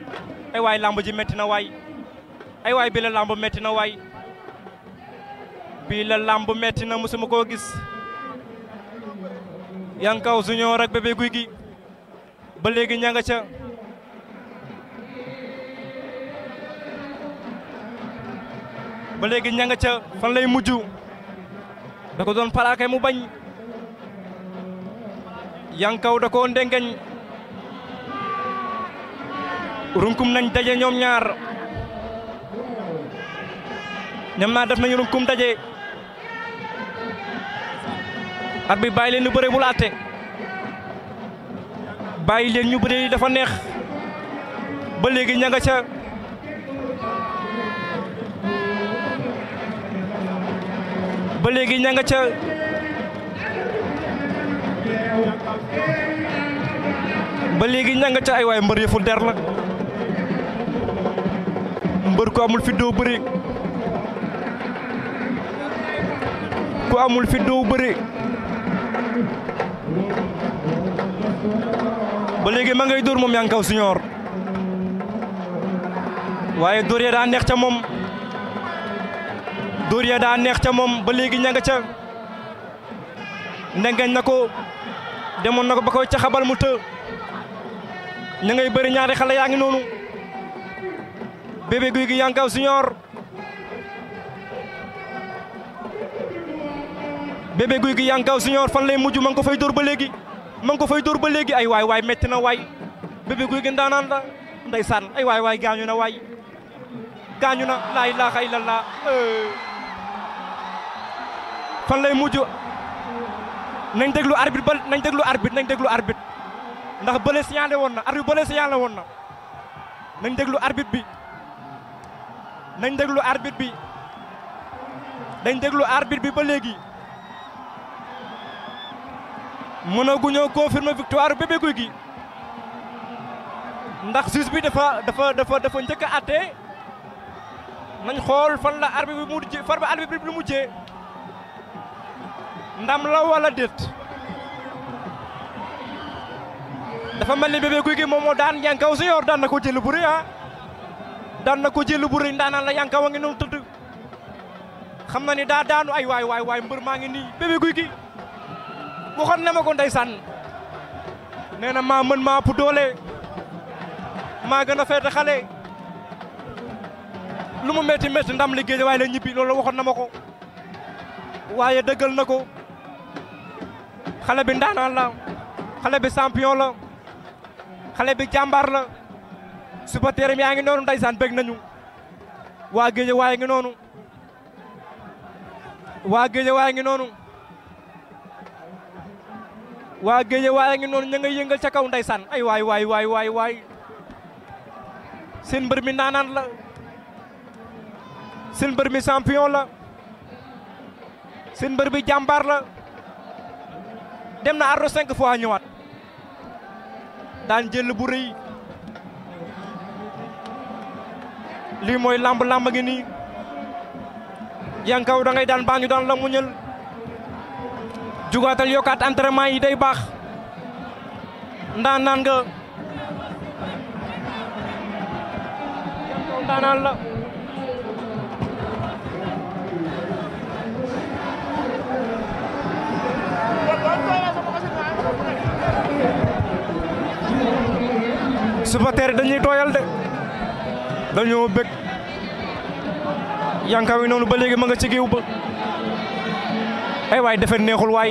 ay waay làmb ji metti na waay ay waay bii la làmb métti na waay bii la làmb métti na musuma koo gis yankaw junior ak bébé guy gi ba léegi ña nga ca ba léegi ña nga ca fan lay mujj da ko paraake mu bañ yankaw da koo ndengeñ runkum nañ daje ñoom ñaar ñoom ñaar def nañu runkum daje at bi bàyyi leen ñu bëre bu laate bàyyi leen ñu bëre dafa neex ba léegi ña nga ca ba léegi ña nga ca ba léegi ña nga ca ay waay mbër yëfu der la bër ku amul fit doo bëri ku amul fit doo bëri ba léegi ma ngay dóor moom Yankaw Senior waaye dóor ya daa neex ca moom dóor ya daa neex ca moom ba léegi ña ca ndengeñ na ko demoon na ko ba koy caxabal mu të ña ngay bëri ñaari xale yaa ngi noonu bébé guy gi yankaw senior bébé guy gi yankaw senior fan lay mujj ma ngi ko fay dóor ba léegi ma ko fay dóor ba léegi ay waay waay metti na waay bébé guy gi ndaanaan la ndeysaan ay waay waay gaañu na waay gaañu na laa ilaaha illallah fan lay mujj nañ déglu arbitre ba nañ déglu arbitre nañ déglu arbitre ndax bële signalé woon na arbitre bële signalé woon na nañ déglu arbit bi nañ déglu arbitre bi dañ déglu arbitre bi ba léegi mën mënaguñoo confirmer victoire Bébé Gouy gi ndax juge bi dafa dafa dafa dafa njëkk a àtte nañ xool fan la arbitre bi mujjee far ba arbitre bi lu ndam la wala déet dafa mel ni Bébé Gouy Gui moom moo daan Yankaw Junior daan na ko jël bu rëy ah. daan na ko jël bu rëy ndaanaan la yanka wa ngi noonu tëdd xam na ni daa daanu ay waay waay waay mbër maa ngi nii bébé guy gi waxoon na ma ko ndeysaan nee na maa mën maa ëpp doole maa gën a feete xale lu mu métti métti ndam liggéey waaye la ñibbi loolu waxoon na ma ko waaye dëggal na ko xale bi ndaanaan la xale bi champion la xale bi jàmbaar la supporter mi yaa ngi noonu ndeysaan nañu wa géej waaye ngi noonu waa géej waaye ngi noonu waa géej waaye ngi noonu ña yëngal ca kaw ndaysan ay waay waay waay waay waay seen mbër nanan la seen mbër champion la seen mbër jambar la demna arro 5 fois ñëwaat daan jël bu reuy li moy lamb lamb ngi nii yankaw da ngay dan baa dan daan la muñal jugatal yokat entraînement yi day bax ndan nan nga yankaw la supporter dañuy toyal de dañoo bëgg yankaw yi noonu ba léegi ma nga ci géew ba ay waay defe neexul waay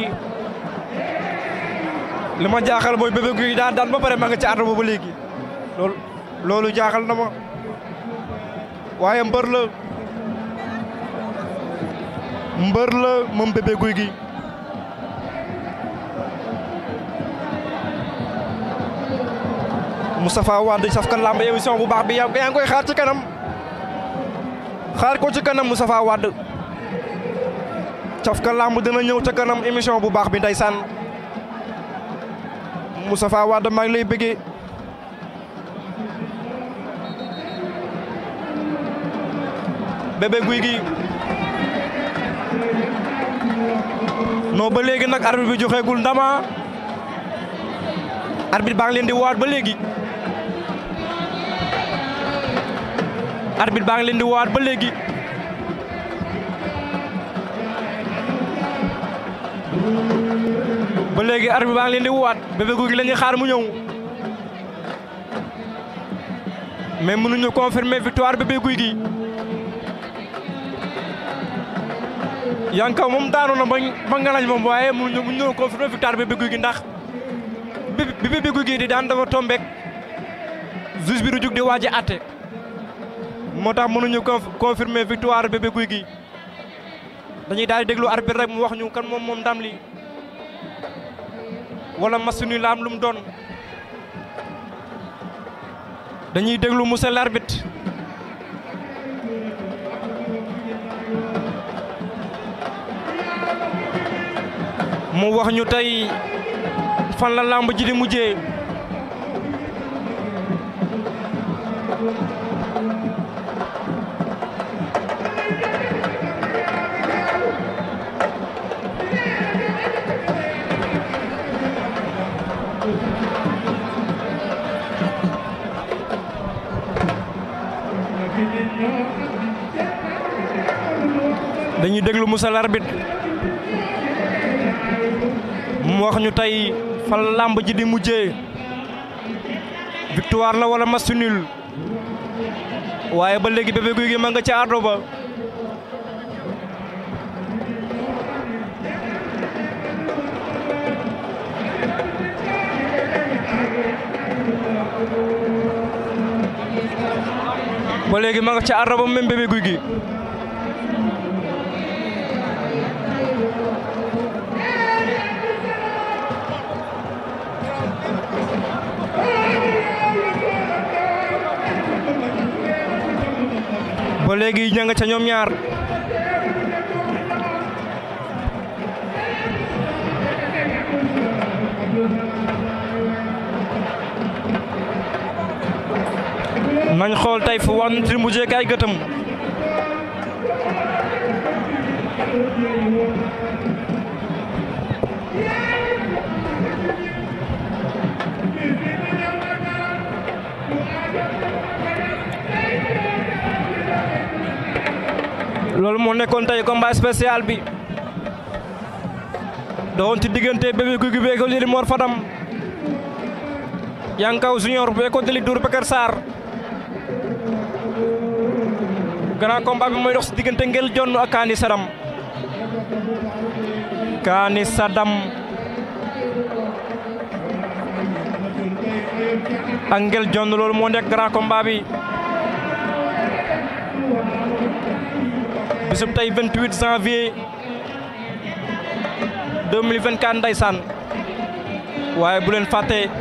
li ma jaaxal mooy Bébé daan daan ba pare ma nga ci àdduma ba léegi loolu loolu jaaxal na ma waaye mbër la mbër la moom Bébé Gouy gi Moustapha Wade Safkan làmb émission bu baax bi yaa ngi koy xaar ci kanam xaar ko ci kanam Moustapha Wade Safkan Lamb dina ñëw ca kanam émission bu baax bi ndeysaan Moustapha Wade maa ngi lay bëggee bébé guy gi non ba léegi nag arbitre bi joxeegul ndama arbitre baa ngi leen di waat ba léegi arbitre baa ngi leen di woowaat ba léegi ba léegi arbitre baa ngi leen di woowaat Bébé Gouy Gui la ñuy xaar mu ñëw mais mënuñu confirmer victoire Bébé Gouy Gui Yankaw moom daanoon na ba ba ngalañ moom waaye mënuñu mënuñu confirmer victoire Bébé Gouy Gui ndax bi Bébé Gouy Gui di daan dafa tombeek juge bi du jug di waaj a moo tax mënuñu confirmer victoire bébé guy gi dañuy daal di déglu arbitre rek mu wax ñu kan moom moom ndam li wala masinu la am doon dañuy déglu monsieur l'arbitre mu wax ñu tey fan la làmb ji di mujjee Moussa Larbit mo wax ñu tay fa lamb ji di mujjé victoire la wala match nul waye ba légui Bébé guuy gi ma nga ci ardo ba ba légui ma nga ci ardo ba même Bébé guuy gi ba léegi ña ca ñoom ñaar nañ xool tey fu wan ci mujjee kay gëtëm loolu mo nekkon tay combat spécial bi doon ci digënté Bébé gugu bé ko école mor Mar Fadam Yankaw Junior bé ko Ly Dour Pekar sar grand combat bi moy dox ci digënté Ngel Jonn ak Kaani Sadam kani Sadam Angel Jonn loolu nekk grand combat bi bisub tay 28 janvier 2024 ndaysan waye bu len faté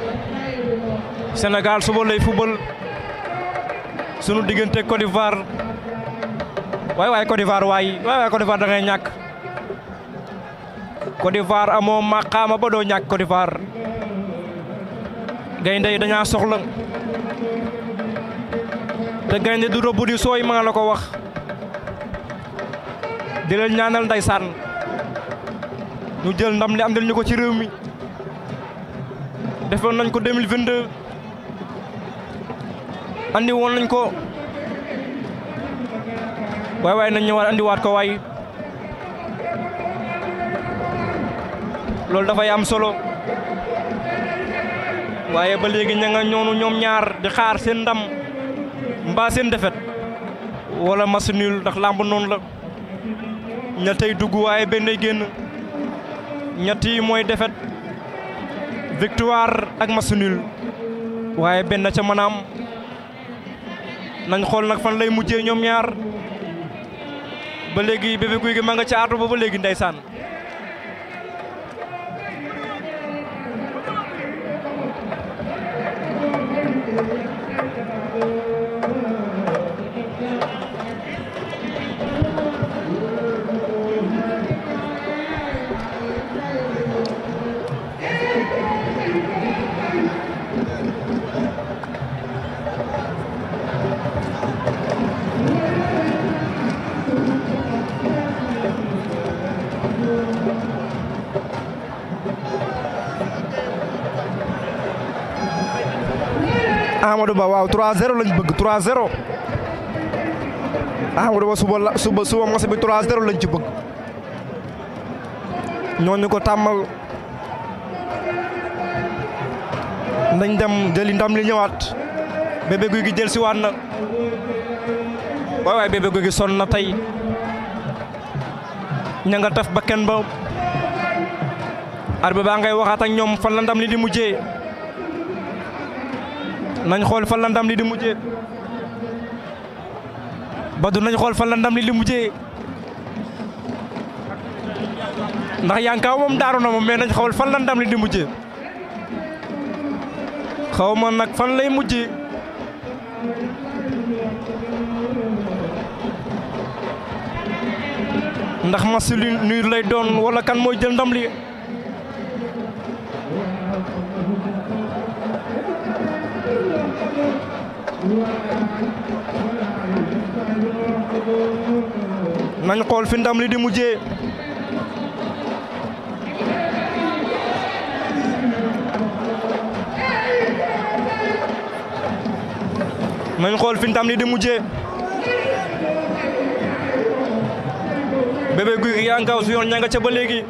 Sénégal suba lay football sunu digënté Côte d'Ivoire waay waay Côte d'Ivoire waay waay Côte d'Ivoire da ngay ñak Côte d'Ivoire amo maqama ba do ñak Côte d'Ivoire gay ndey ya, dañu soxla te gaynde du rëbb di soy ma la ko wax di leen ñaanal ndeysaan ñu jël ndam li andil ñu ko ci réew mi defoon nañ ko 2022 andi woon nañ ko waay waay nañ ñëwaat andi waat ko waay am solo waaye ba léegi ña nyom nyar, dekar ñaar di xaar seen ndam seen defet wala match nul ndax làmb noonu la ñettay dugg waaye benn génn ñett yi mooy défaite victoire ak match waaye benn ca manaam a nañ xool nag fan lay mujjee ñoom ñaar ba léegi Bébé Gouy Gui ma nga ca artu ba léegi ndeysaan ahmadou Ba waaw 3-0 lañ bëgg 3-0 ahmadou Ba suba suba suba mo sabi 3-0 lañ ci bëgg ñooñu ko tamal nañ dem jëli ndam li ñëwaat bébé guy gi jël ci waat na waay waay bébé guy gi son na tay ña nga taf ba kenn ba arbitre baa ngay waxat ak ñom fan la ndam li di mujjé nañ xool fan la ndam li di mujjee Badou nañ xool fan la ndam li di mujjee ndax Yankaw moom daaru na moom mais nañ xool fan la ndam li di mujje xaw ma nag fan lay mujje ndax masilu nuur lay doon wala kan mooy jël ndam li nañ xool fi ndam li di mujjee nañ xool fi ndam li di mujjee Bébé Gouy Gui ak Ngaw Sour ña nga ca ba léegi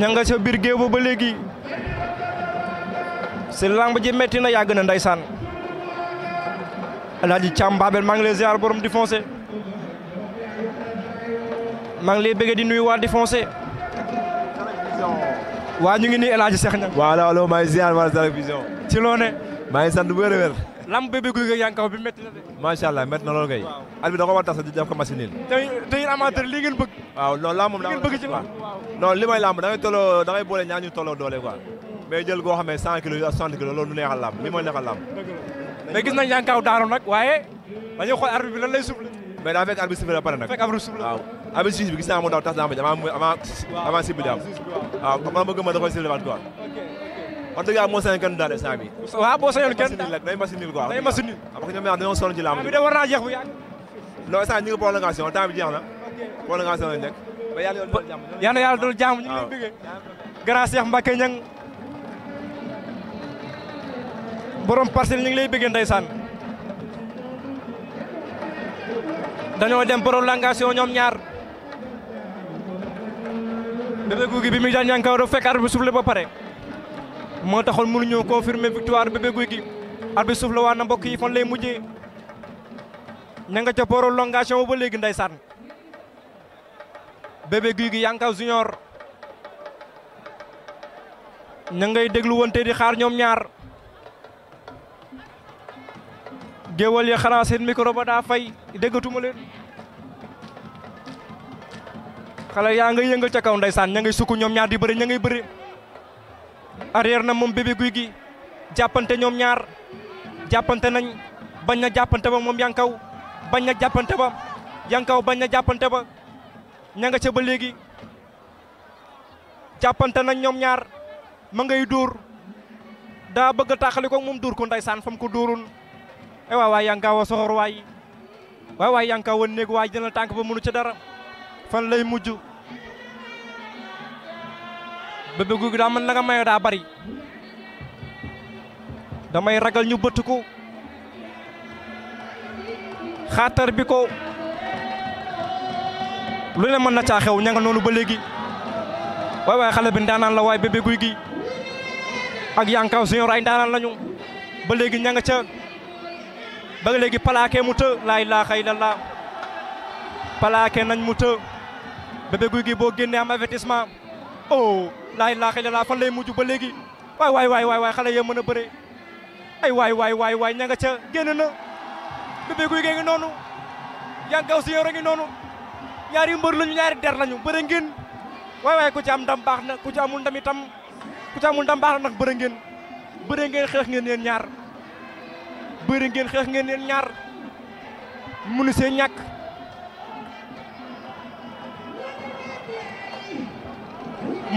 ña nga ca biir géew ba ba léegi si lamb ji metti na yàgg na ndeysaan alaaji Caam Babel maa ngi lay ziar borom di foncé maa ngi lay bëgg di nuy waa di foncé waa ñu ngi nii alaaji Seex Ñaŋ waa allo allo maa ngi ziar waa Zik Vision ci loo ne maa ngi sant bu wér a wér lamb bébé guy bi metti na de macha allah metti na da ko war a tas di def ko tey tey amateur li ngeen bëgg waaw non lamb moom da ngeen bëgg ci boole ñaar ñu tolloo doole quoi mais jël goo xam ne 100 kilos ak 60 kilos loolu du neexal làmb li mooy neexal làmb. mais gis nañ yaa ngi kaw daanu waaye dañoo xool arbitre bi lan lay soufflé. mais daa fekk arbitre soufflé ba pare nag. fekk arbitre soufflé waaw. arbitre juge bi gis naa mu daw tas làmb ji avant bi di am waaw xam naa ma da koy soufflé waat quoi. wax dëgg yàlla moo sañoon kenn daal instant bi waaw boo sañoon kenn daal day machine nil quoi day machine nil parce que ñoom ñaar dañoo sonn ci làmb bi borom pasir ñu ngi lay bëggee ndaysan dañu dem prolongation ñom ñaar Bébé Gouy Gui bi muy daan Yankaw fekk arbitre soufflé ba pare taxol mënu mënuñu confirmer victoire Bébé Gouy Gui arbitre soufflé wa na mbokk yi fon lay mujjé ña nga ca prolongation ba légui ndaysan Bébé Gouy yanka Junior ña ngay déglu wonté di xaar ñom ñaar géwal ya xanaa seen mikoro ba daa fay déggatuma leen xale yaa nga yëngal ca kaw ndeysaan ña ngay sukk ñoom ñaar di bëri ña ngay bëri arrière na moom bébé guy gi jàppante ñoom ñaar jàppante nañ bañ na jàppante ba moom yankaw bañ na jàppante ba yankaw bañ na jàppante ba ña nga ca ba léegi jàppante nañ ñoom ñaar mën ngay dóor daa bëgg a taaxali moom dóor ko ndeysaan fam ko dóorun ay eh, waay waay yankaa wa soxor waay waay waay yankaa wa néeg waay dina tànk ba mënu ca dara fan lay mujj Bébé Gouy Gui daa mën daa bari damay ragal ñu bëtt ko xaatar bi ko lu ne mën na caa xew ña nga noonu ba léegi waay waay xale bi ndaanaan la waay Bébé Gouy Gui ak Yankaw ay ndaanaan lañu ba léegi ca ba léegi palaake mu të laa ilaaha illallah plaqué nañ mu të Bébé Gouy Gui boo génnee am avertissement oh laa ilaaha illallah fan lay mujj ba léegi waay waay waay waay waay xale yee mën a bëre ay waay waay waay waay ña nga ca génn na Bébé Gouy Gui ngi noonu yankaw si yor a noonu ñaari mbër lañu ñaari der lañu bëre ngeen waay waay ku ci am ndam baax na ku ci amul ndam itam ku ci amul ndam baax na ndax bëre ngeen bëre ngeen xeex ngeen yéen ñaar bëri ngeen xeex ngeen leen ñaar mënu see ñàkk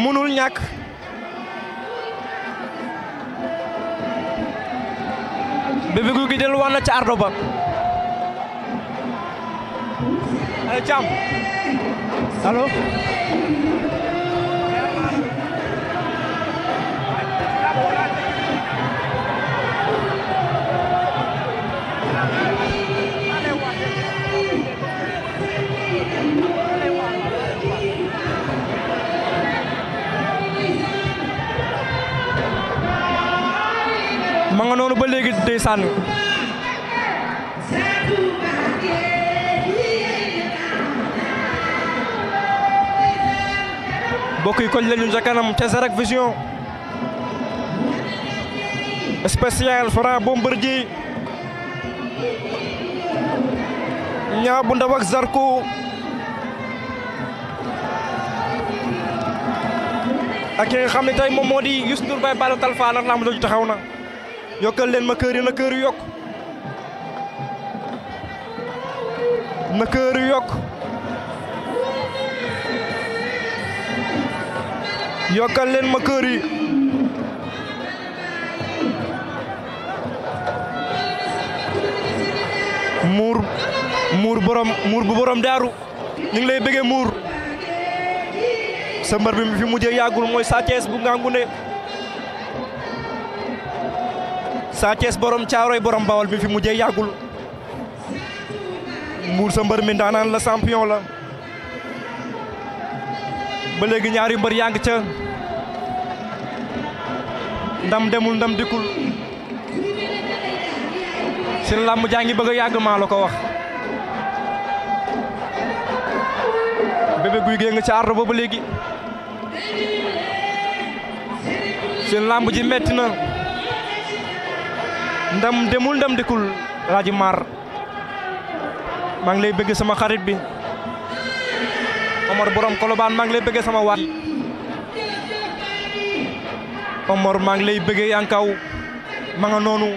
mënul ñàkk Bébé Gouy Gui delluwaat ca ardo ba allo Thiam allo ma nga noonu ba léegi ndeysaan mbokk yi koñ la ñu ca kanam ca Zarak Vision spécial Franc Bombardier Niang bu Ndaw ak Zarko ak ki nga xam ne tey moom moo di Youssou Ndour Baye Balla Talfa nar laa ma doon taxaw na yokkal leen ma kër yi na kër yokk na kër yu yokk yokkal leen ma kër yi muur muur borom muur bu borom daaru ñu ngi lay bëggee muur sa mbar bi mu fi mujjee yàggul mooy Sa Thiès bu Ngangouné Sa Thiès borom caaroy borom bawol bi fi mujjee yàggul mbuur sa mbër mi ndaanaan la champion la ba léegi ñaari mbër yaa ngi ca ndam demul ndam dikkul seen làmb jaa ngi bëgg yàgg maa la ko wax bébé guy gée nga ca ardo ba ba léegi seen làmb ji metti na ndam demul ndam dikul radi Mar mang lay bëgg sama xarit bi Omar borom koloban mang lay bëgg sama wat Omar manglay begi lay bëgg yankaw ma nga noonu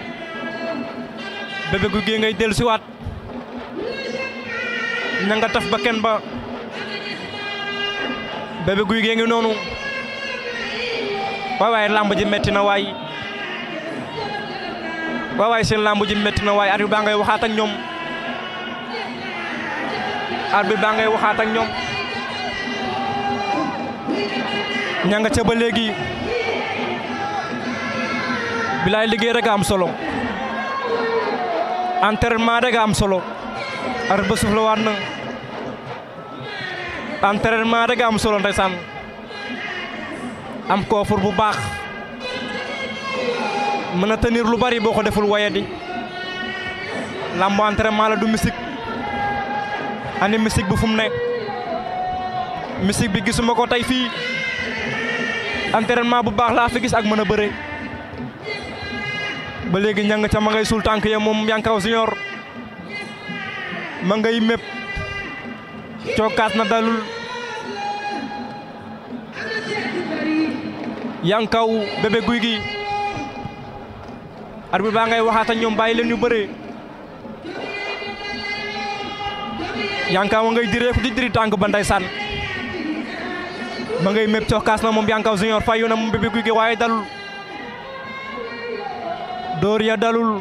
bébé gu gee ngay dellu wat na nga taf ba ken ba bébé gu gee ngi nonu way way lamb ji metti na way wa way sen lambu ji metti na way wohatan nyom, ngay waxaat ak ñom arbi baa ngay ak ñom ca ba legi bilay liggey rek am solo entraînement rek am solo arbi suflu suuf na entraînement rek am solo ndaysan am koofur bu bax mëna tenir lu bari boko ko deful wayadi lambo entraînement la du misik ani misik bu fum nek ne bi gisumako tay fi fii entraînement bu bax la fi gis ak mëna a ba légui ñang ca ma ngay ya yankaw ma ngay mep ciokat na dalul yankaw arbitre baa ngay waxaata ak ñoom bàyyi leen ñu bëree yankaw ma ngay diree ku di diri tànk ba ndeysaan ma ngay mépp cokkaas na moom yankaw junior fayu na moom bébé guy gi waaye dalul dóor ya dalul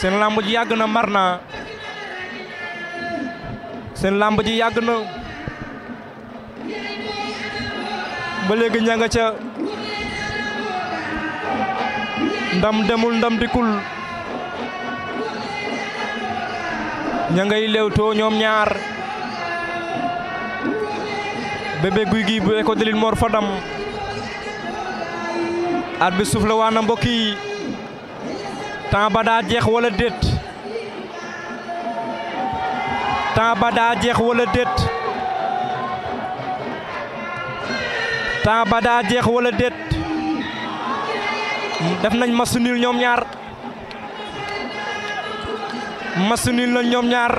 seen làmb ji yàgg na mar naa seen làmb ji yàgg na ba léegi ndam demul ndam dikul ña ngay lewtoo ñoom ñaar bébé guy gi bu École de Lille Mor Fadam at bi suuf waa na mbokk yi temps ba daa jeex walla déet temps ba daa jeex walla déet temps ba daa jeex wala déet def nañ masu nil ñoom ñaar masu nil lañ ñoom ñaar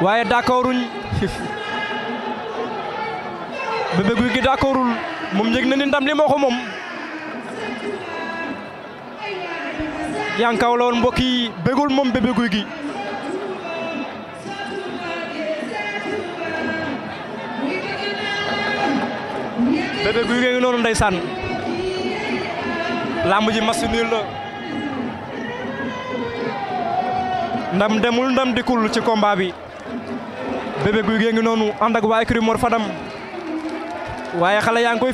waaye d'accorduñ Bébé Gouy gi d'accordul moom yëg na ni ndam li moo ko moom Yankaw la woon mbokk yi bégul moom Bébé Gouy Gui Bébé Gouy Gui ngi noonu ndeysaan làmb ji match nul la ndam demul ndam dikkul ci combat bi Bébé Gouy Gui noonu ànd ak waa écurie Fadam waaye xale yaa ngi koy